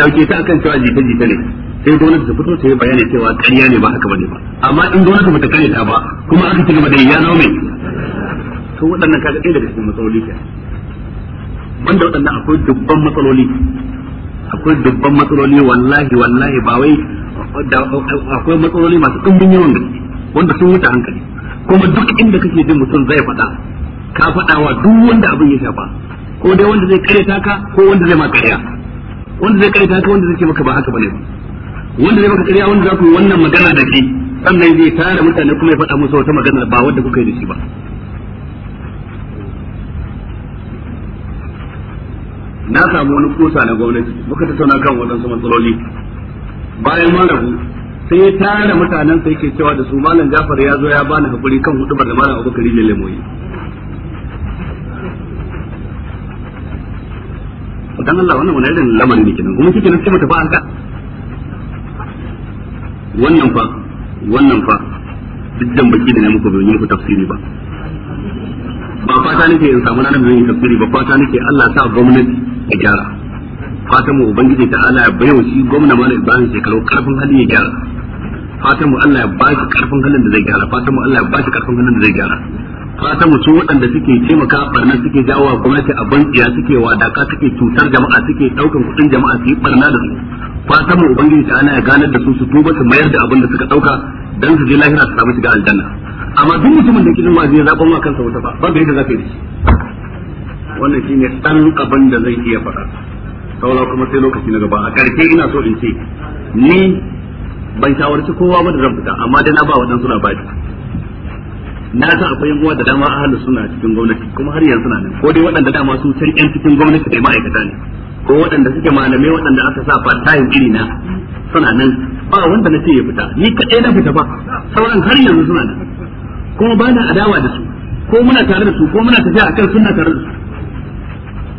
dauke ta akan cewa jita jita ne sai gwamnati ta fito ta yi bayani cewa ƙarya ne ba haka bane ba amma in gwamnati bata kare ta ba kuma aka ci gaba da ya nome to waɗannan kaga ɗaya daga cikin matsaloli ke banda waɗannan akwai dubban matsaloli akwai dubban matsaloli wallahi wallahi ba wai akwai matsaloli masu ɗumbin yawan gaske wanda sun wuce hankali kuma duk inda kake jin mutum zai faɗa ka faɗa wa duk wanda abin ya shafa ko dai wanda zai kare ka ko wanda zai ma karya wanda zai kare ka wanda zai ce maka ba haka bane ba wanda zai baka ƙarya wanda za ku yi wannan magana da shi sannan zai tara mutane kuma ya faɗa musu wata magana ba wanda kuka yi da shi ba na samu wani kusa na gwamnati muka tattauna kan waɗansu matsaloli bayan ma rabu sai ya tara mutanen sai ke cewa da su malam Jafar ya zo ya bani hakuri kan hudubar da malam Abubakar ne lemoyi dan Allah wannan wani irin lamarin ne kenan kuma kike nan kuma ta tafi an ka wannan fa wannan fa duk dan baki da ne muku bai muku tafsiri ba ba fata nake in samu ranar zan yi tafsiri ba fata nake Allah sa gwamnati ta gyara fata mu ubangiji ta Allah ya bayo shi gwamna mana Ibrahim shekaru karfin hali ya gyara fata mu Allah ya ba shi karfin halin da zai gyara fata mu Allah ya ba shi karfin halin da zai gyara fata mu waɗanda suke taimaka barna suke jawo gwamnati a bankiya suke wadaka suke cutar jama'a suke ɗaukan kuɗin jama'a su yi barna da su fata mu ubangiji ta ana ya ganar da su su tuba su mayar da abin da suka ɗauka dan su je lahira su samu shiga aljanna amma duk mutumin da kidan wazi ya zaɓan wa kansa wata ba babu yadda zaka yi wannan shine ɗan abin da zai iya faɗa saboda kuma sai lokaci na gaba a ƙarshe ina so in ce ni ban shawarci kowa ba da zan fita amma dai na ba waɗansu labari na san akwai yan uwa da dama ahlus suna cikin gwamnati kuma har yanzu na nan ko dai waɗanda dama su san yan cikin gwamnati da ma'aikata ne ko waɗanda suke malamai waɗanda aka sa part-time iri na suna nan ba wanda na ce ya fita ni kaɗai na fita ba sauran har yanzu suna nan kuma ba na adawa da su ko muna tare da su ko muna tafiya akan suna tare da su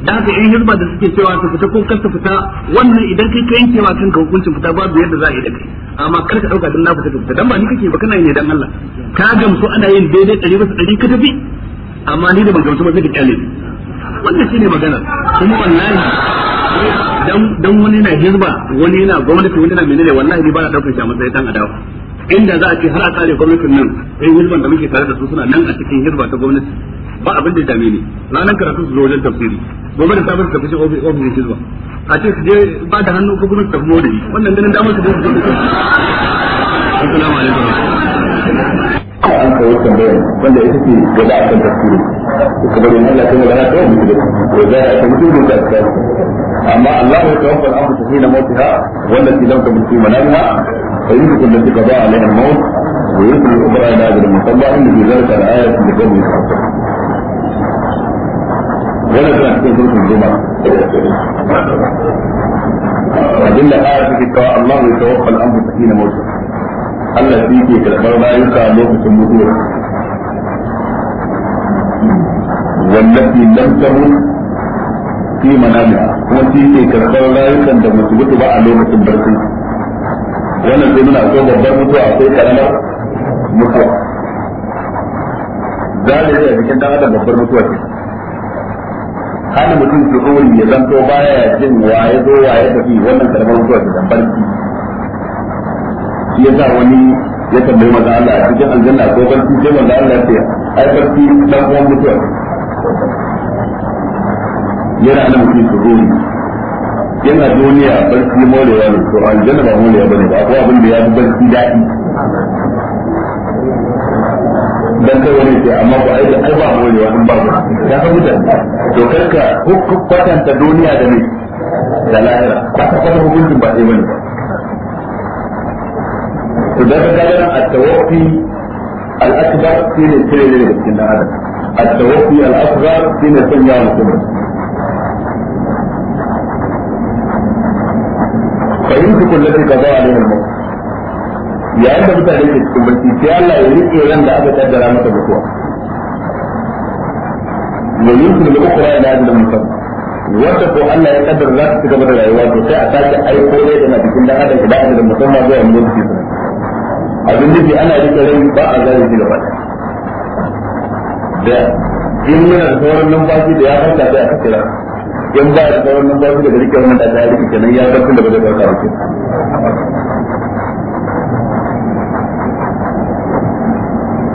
da haka yan hizba da suke cewa su fita ko kar su fita wannan idan kai ka yanke ma kanka hukuncin fita babu yadda za a yi da kai amma kar ka dauka dan na fita fita dan ba ni kake ba kana ne dan Allah ka gamsu ana yin daidai ɗari bisa ɗari ka tafi amma ni da ban gamsu ba sai kyale ni wannan shine magana kuma wallahi dan dan wani na hizba wani na gwamnati wani na menene wallahi ni ba na dauka shi a matsayin dan adawa inda za a ce har a kare gwamnatin nan sai hizban da muke tare da su suna nan a cikin hizba ta gwamnati ba abin da dame ni ranar karatu su zojen tafsiri gobe da sabon tafi shi ofis ofis shi a ce su je ba da hannu ko kuma su tafi modi wannan ganin damar su zo su zo assalamu alaikum an kawo tambayar wanda ita ce gaba a kan tafsiri kamar yin Allah kan magana kawai mutu da ya zai a kan mutu da ta amma Allah ya tawaffa al'amur ta hina mawtiha wanda ke lamta kuma manamha fa yi dukkan da suka ba alaihi al-maut ويدخل الأخرى إلى هذا المصلى الذي ذلك الآية في قوله ولا تكون ترك الجمعة أدلة آية في كتاب الله يتوفى الأمر حين موته ألا في في كلام ما يلقى الموت ثم يدور والتي لم تمت في منامها وفي في كلام لا يلقى أن تمت وتبع الموت ثم يدور وانا في من أصوب الضرب وتوع في كلام مطوع ذلك يجب أن تغادر مطوع hali mutum su zuwuri ya zanto baya jin waye zo waye tafi wannan karbar zuwa da barci shi ya sa wani ya tambayi maza Allah a cikin aljanna ko barci sai maza Allah ce ai barci dan uwan mutuwa yana nan mutum su zuwuri yana duniya barci morewa ne to aljanna ba morewa ba ne ba ko abin da ya fi barci daɗi dan kai wani ke amma ba ai ai ba wani wa ba ya ka mutane to karka hukku kwatanta duniya da ne da lahira kwata kwata hukuncin ba sai bane to da ka ga nan at-tawaffi al-akbar shi ne tare da cikin dan adam at-tawaffi al-asghar shi ne sanya mutum فيمسك التي قضى عليها الموت yayin da mutane ke cikin barci sai Allah ya rike ran da aka kaddara masa mutuwa ya yusuf da kuma ila da mutum wanda ko Allah ya kaddara za ta cigaba da rayuwa to sai a sake aiko ne da cikin dan adam da da mutum ajal musamma zuwa mulki abin nufi ana rike rai ba a zai shi gaba da in yana da sauran numfashi da ya farka sai a kira in ba da sauran numfashi da rike wannan da ya rike kenan ya farka da ba zai farka ba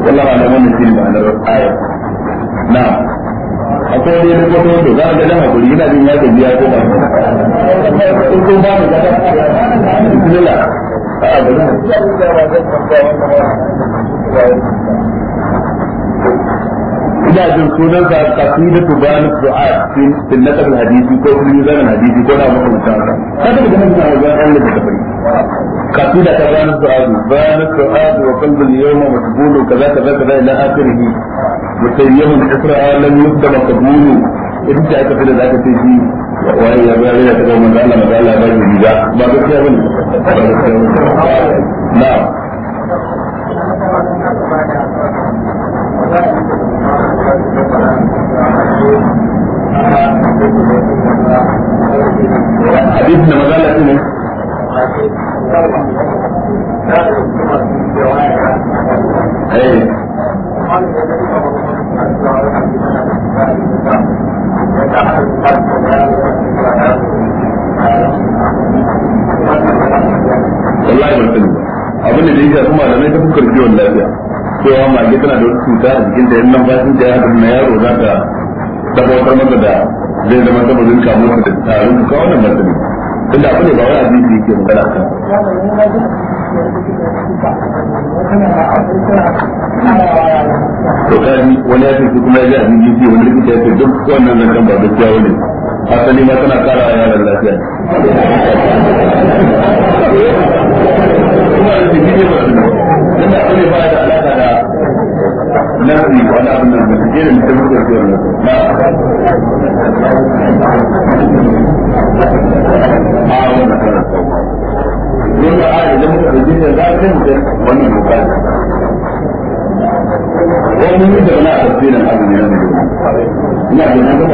wallah ba nan wannan shine ma'anar aya na akwai dai da kuma to za ga dan hakuri ina jin ya gaji ko ba in kun ba mu da bismillah a ba ina jin sunan sa qasida tu ban du'a fil fil nasab al hadisi ko fil mizan hadisi ko na mutum ta haka kada da nan ga wannan da kafari qasida ta ban du'a ban du'a wa qalbu al yawma masbul kaza kaza kaza ila akhirih mutayyam al isra lam yubda maqbul idan da aka fada zaka ce shi wai ya bayar da kaga manzo Allah manzo Allah ba shi ba ba gaskiya bane na'am hadisin da maza lafi ne abin da yake kuma da lafiya cewa tana da wata cuta a jikin da yan da ya na yaro za da bautar masa da zai zama saboda rinka musu da tarin ka wannan martani tunda abu ne ba wai abinci yake magana kan to kai wani ya tafi kuma ya ji abin jiki wani likita ya ce duk wannan zancen ba gaskiya wani asali ma tana kara wa yaran lafiya kuma da jiki ne ba su ne ba da alaka da nasri wa na abin da ke da mutum da ke da na a wannan kana don da a idan muka rubi ne za ka yi wannan bukata wani yi da wani a tafsirin abin ne na da ina da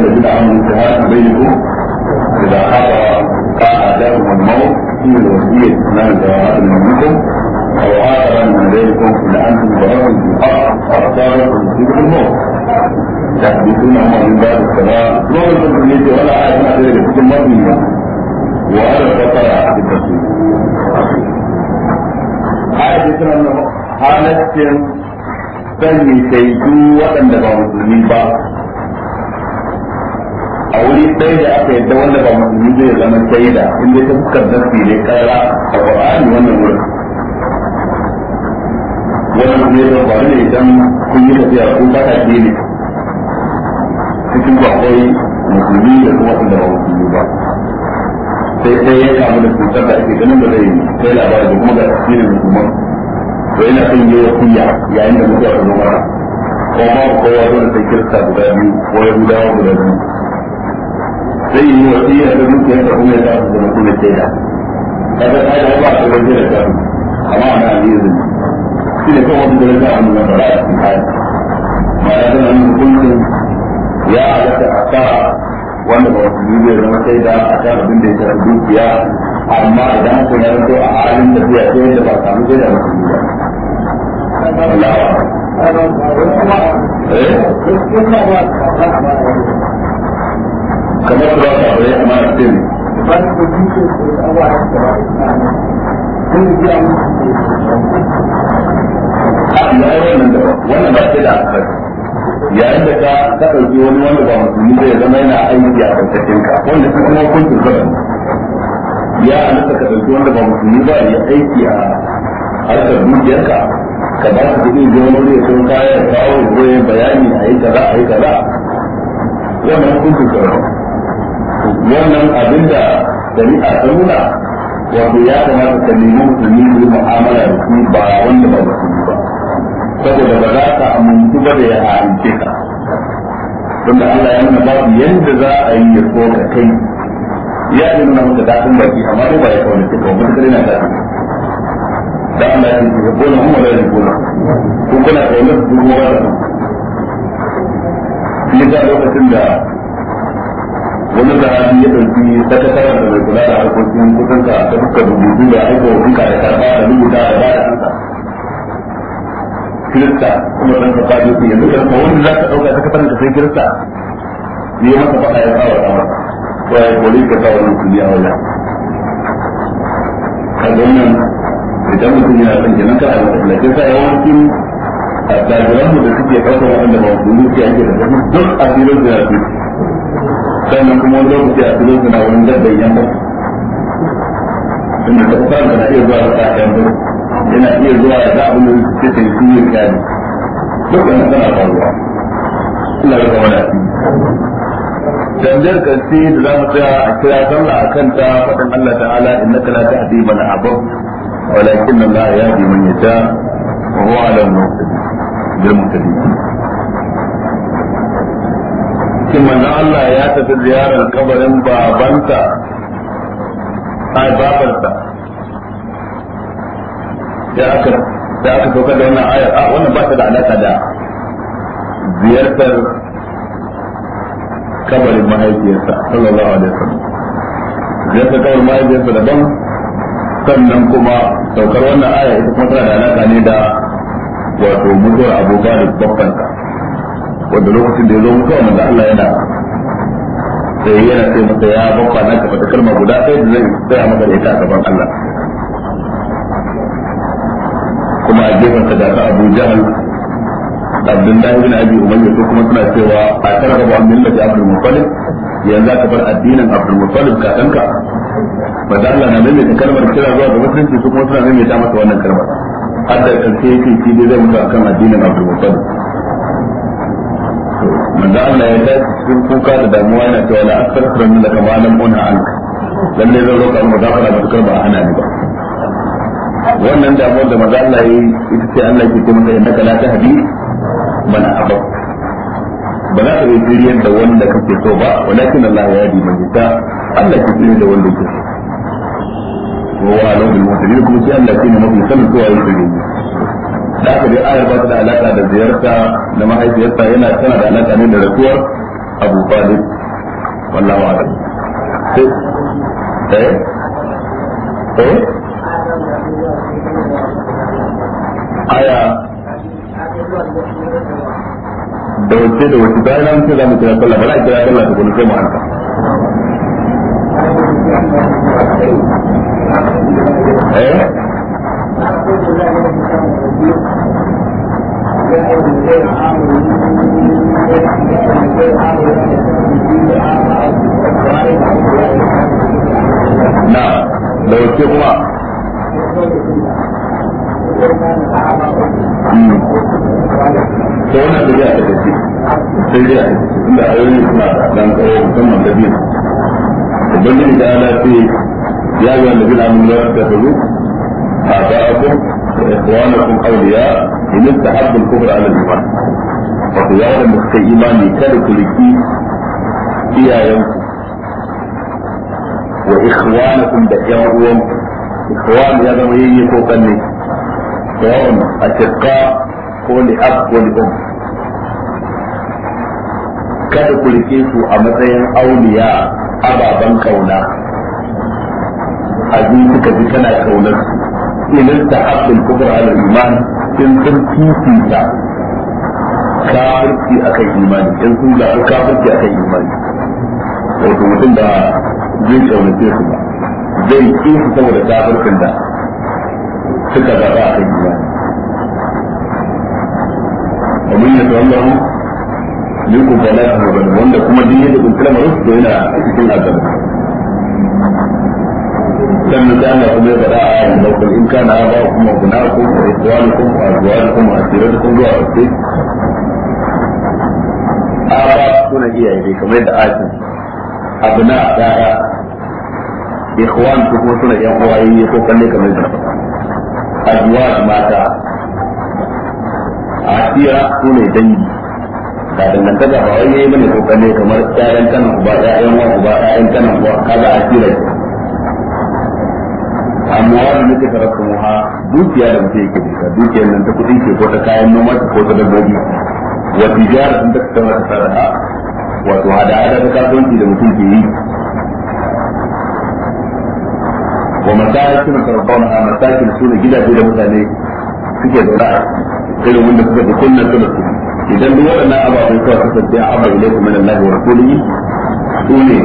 nan abin da za حضر قاعدهم الموت في الوصية ما جاء منكم أو آخر من غيركم لأنتم ظلمتم بالحق أخطاركم في الموت تحدثونهم من باب الصلاة ظلم التقليد ولا أحد من غير الحكم مبنية وأنا فترى بالتقليد آية سنة حالتهم sani sai su waɗanda ba musulmi ba a wuri ɗaya da aka yadda wanda ba musulmi zai zama shaida inda ta fuskar nasi ne kara a ƙwararri wannan wurin wannan kuma yakan faru ne idan kun yi tafiya ko kaka ke ne cikin kwakwai musulmi da kuma inda ba musulmi ba sai sai ya kamu da cutar da ake ganin da zai kai labari da kuma ga asirin musulman to yana son yi wasiya yayin da mutuwa ta zo ko ma kowa zo da sai kirista guda biyu ko ya gudawa guda biyu zai yi wasiya da dukiyar da kuma ya za su zama kuma shaida kaga ta ga ba a tsoron jira ta amma ana yi zai shi ne kawai wanda zai samu na fara a cikin hali ma ya zama yin hukuncin ya halatta a sa wanda ba wasu biyu zama sai da a kan abin da ya shafi dukiya amma idan aka yi ranto a halin da biya sai da ba a samu zai da mutum ba. Allah kamar ba ta amma a cikin Thank you. a yi wannan da wannan ba sai da aka yayin da ka ka dauki wani wanda ba musulmi zai zama yana aiki a karkashin ka wanda su kuma hukuncin ka ya halatta ka dauki wanda ba musulmi ba ya aiki a harkar dukiyarka ka ba su kuɗi ga wani ya sun kaya ya kawo goyon bayani a yi kaza a yi kaza wannan hukuncin ka wannan abinda a ta nuna wato ya kamata ka nemi musulmi su mu'amala da su ba wanda ba musulmi ba saboda ba za ka amintu ba da ya ha'ince ka tunda Allah ya nuna babu yadda za a yi ya so ka kai ya nuna maka daɗin baki amma dai ba ya kawo ce ka wani kare na da da Allah ya ce ko na kuma da ya ko na ko kuna da wani kuma ba da ni da lokacin da wani zarafi ya ɗauki sakataren da mai kula da harkokin kusanka ta fuskar rubutu da aiko duka da karɓa da rubuta da ba kansa kirista kuma ɗan ka faɗi su yanzu kan wanda za ka ɗauka sakataren ka sai kirista ne masa faɗa ya kawo ta ko ya kori ka kawo nan kuɗi a wajen a wannan idan mutum yana son kenan ka a wata filakin sa yawancin a ɗalibanmu da suke ɗaukar waɗanda ba su nufi ake da duk asirin da ya fi sannan kuma lokaci a tuzo suna wani dabban yanka inda ta fara iya zuwa da sa'ayen ba yana iya zuwa da abin da suke ta yi sun yi duk wani tana faruwa Allah ya kama da danjar karshe da za mu tsaya a kira sallah a kanta faɗin Allah ta'ala innaka la tahdi man ahbab walakin Allah yahdi wa huwa ala al-muhtadin shi manzon Allah ya tafi ziyarar kabarin babanta a babarsa ya aka da aka saukar da wannan ayar a wannan ba ta da alaka da ziyartar kabarin mahaifiyarsa sallallahu alaihi wasallam ziyartar kabarin mahaifiyarsa daban sannan kuma saukar wannan ayar ita kuma tana da alaka ne da wato mutuwar abokan da babbanta wanda lokacin da ya zo mutuwa da Allah yana sai yana sai masa ya bakwa na kafa kalma guda ɗaya da zai tsaya masa da ita a gaban Allah kuma a gefen ka daga Abu Jahal Abdullahi bin Abi Umayya ko kuma suna cewa a targaba an millati Abdul Muttalib yanzu ka bar addinin Abdul Muttalib ka danka manzo Allah na mai kalmar kira zuwa ga musulunci su kuma suna mai ta masa wannan kalmar har da karshe yake shi dai zai mutu akan addinin Abdul Muttalib manzo Allah ya ta cikin kuka da damuwa yana cewa la astaghfiru laka kama lam unha anka lalle zan roƙa mu gafara ba tukar ba a hana ni ba wannan damuwar da manzo Allah ya ita ce Allah ke ce maka innaka la tahdi bana ahbab ba za ka yi jiriyar da wanda kake so ba walakin Allah ya yi man Allah ke tsire da wanda yake so wa wa lahu kuma sai Allah ke ne mafi sanin kowa yake yi da aka dai ayar ba ta da alaka da ziyarta da mahaifiyarsa yana tana da alaka ne da rasuwar Abu Talib wallahu a'lam eh eh aya da wace da wace bayan an ce za mu kira sallah bala kira sallah ta kuma sai mu hanka eh أعوذ da hmm. ya ta da ayoyi da ya آباءكم وإخوانكم أولياء إن استحبوا الكفر على الإيمان وقيام المخي إيماني كالك لكي إيايانكم وإخوانكم بأيوانكم إخوان يا ذوي فوقني سواء أشقاء كل أب والأم kada ku rike su a matsayin auliya ababen kauna a suka ji kana kaunar su in istahab al kufr ala al iman in sun fifita kafirci akan imani in sun ga kafirci akan imani wato mutum da zai kaunace su ba zai ki su saboda kafircin da suka zaɓa akan ومن يتولهم منكم فلا يحزن wanda kuma duk yadda kun kalmar to yana cikin azaba sannan da Allah kuma ya faɗa a ayan da kun in kana ba kuma guna ko ikwani ko azwaj ko asirat ko zuwa sai aba suna iyaye dai kamar da ayan abuna da'a ikhwan su kuma suna yan uwaye ko kalle kamar da ba ba ko kalle kamar ƴaƴan kanan uba ƴaƴan wa uba ƴaƴan kanan uba kaga asira amwal ne ta rabu muha dukiya da mutum yake da dukiya nan ta kudi ke ko ta kayan noma ko ta dabbobi wa tijara sun ta tsara ta sarrafa wato hada-hada ta kasuwanci da mutum ke yi wa masakin karbauna a masakin su ne gidaje da mutane suke zaune a irin wanda suka fi kunna su da su idan duk waɗannan ababen suka kasance a abu ilaikum min Allah wa rasulihi su ne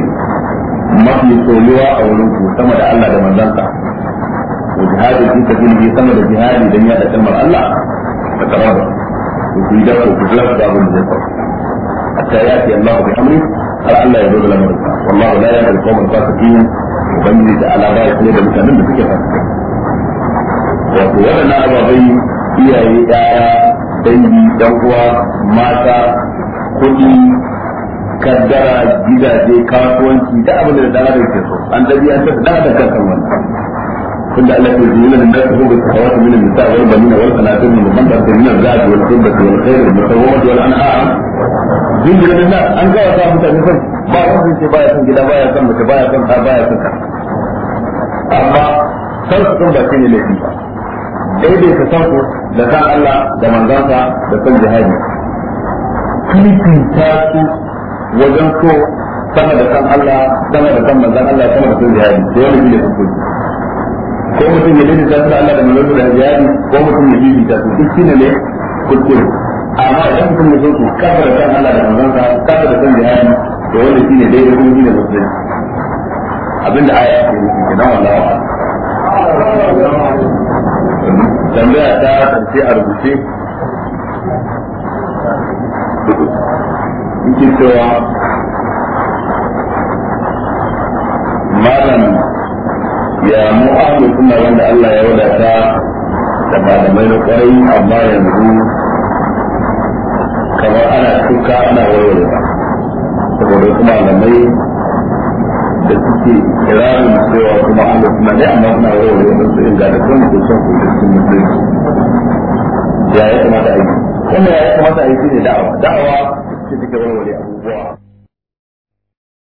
mafi soyuwa a wurin ku sama da Allah da manzanta وجهاد في سبيله ثمر الجهاد لن يأتي كلمة الله فتراه وفي دفع وكذلك باب الجهاد حتى يأتي الله بأمره قال الله يدور لنا والله لا يهدي القوم الفاسقين وبني تعالى غاية ليلة مسلمين بفكرة فاسقين وقولنا أبوي iyaye ɗaya dangi dan uwa mata kuɗi kaddara gidaje kasuwanci da abin da dan adam ke so an dabi an tafi da kan wannan da Allah ya yi lana da su ga sawatu da nisa wal banina wal qanatir min bandar da da zaat wal qurbat da khair wal mutawwad wal an'am din gidan nan an ga wata mutane san ba wanda ce baya san gida baya san mace baya san ta baya san ka amma kar su san ba shi ne laifi daidai ka san ku da san Allah da manzansa da san jihadi fifita su wajen so sama da san Allah sama da san manzan Allah sama da san jihadi da wani ne ko mutum ya dace zaka Allah da manzon da jihadi ko mutum ya bibi ta duk shine ne kuskure amma idan mutum ya zo kafara kan Allah da manzon sa kafara kan jihadi to wanda shine daidai kuma shine musulunci abinda aya ke nufi kenan wallahi tambaya ta karshe a rubuce yake cewa malam ya mu ahlu sunna wanda Allah ya wadata da malamai na kwarai amma yanzu kamar ana tuka ana warware ba saboda kuma mai da suke kirarin cewa kuma ahlu sunna ne amma suna warware da su inda da kuma su son su cikin musulunci ya ya kamata a kuma ya kamata a ne da'awa da'awa ce take warware abubuwa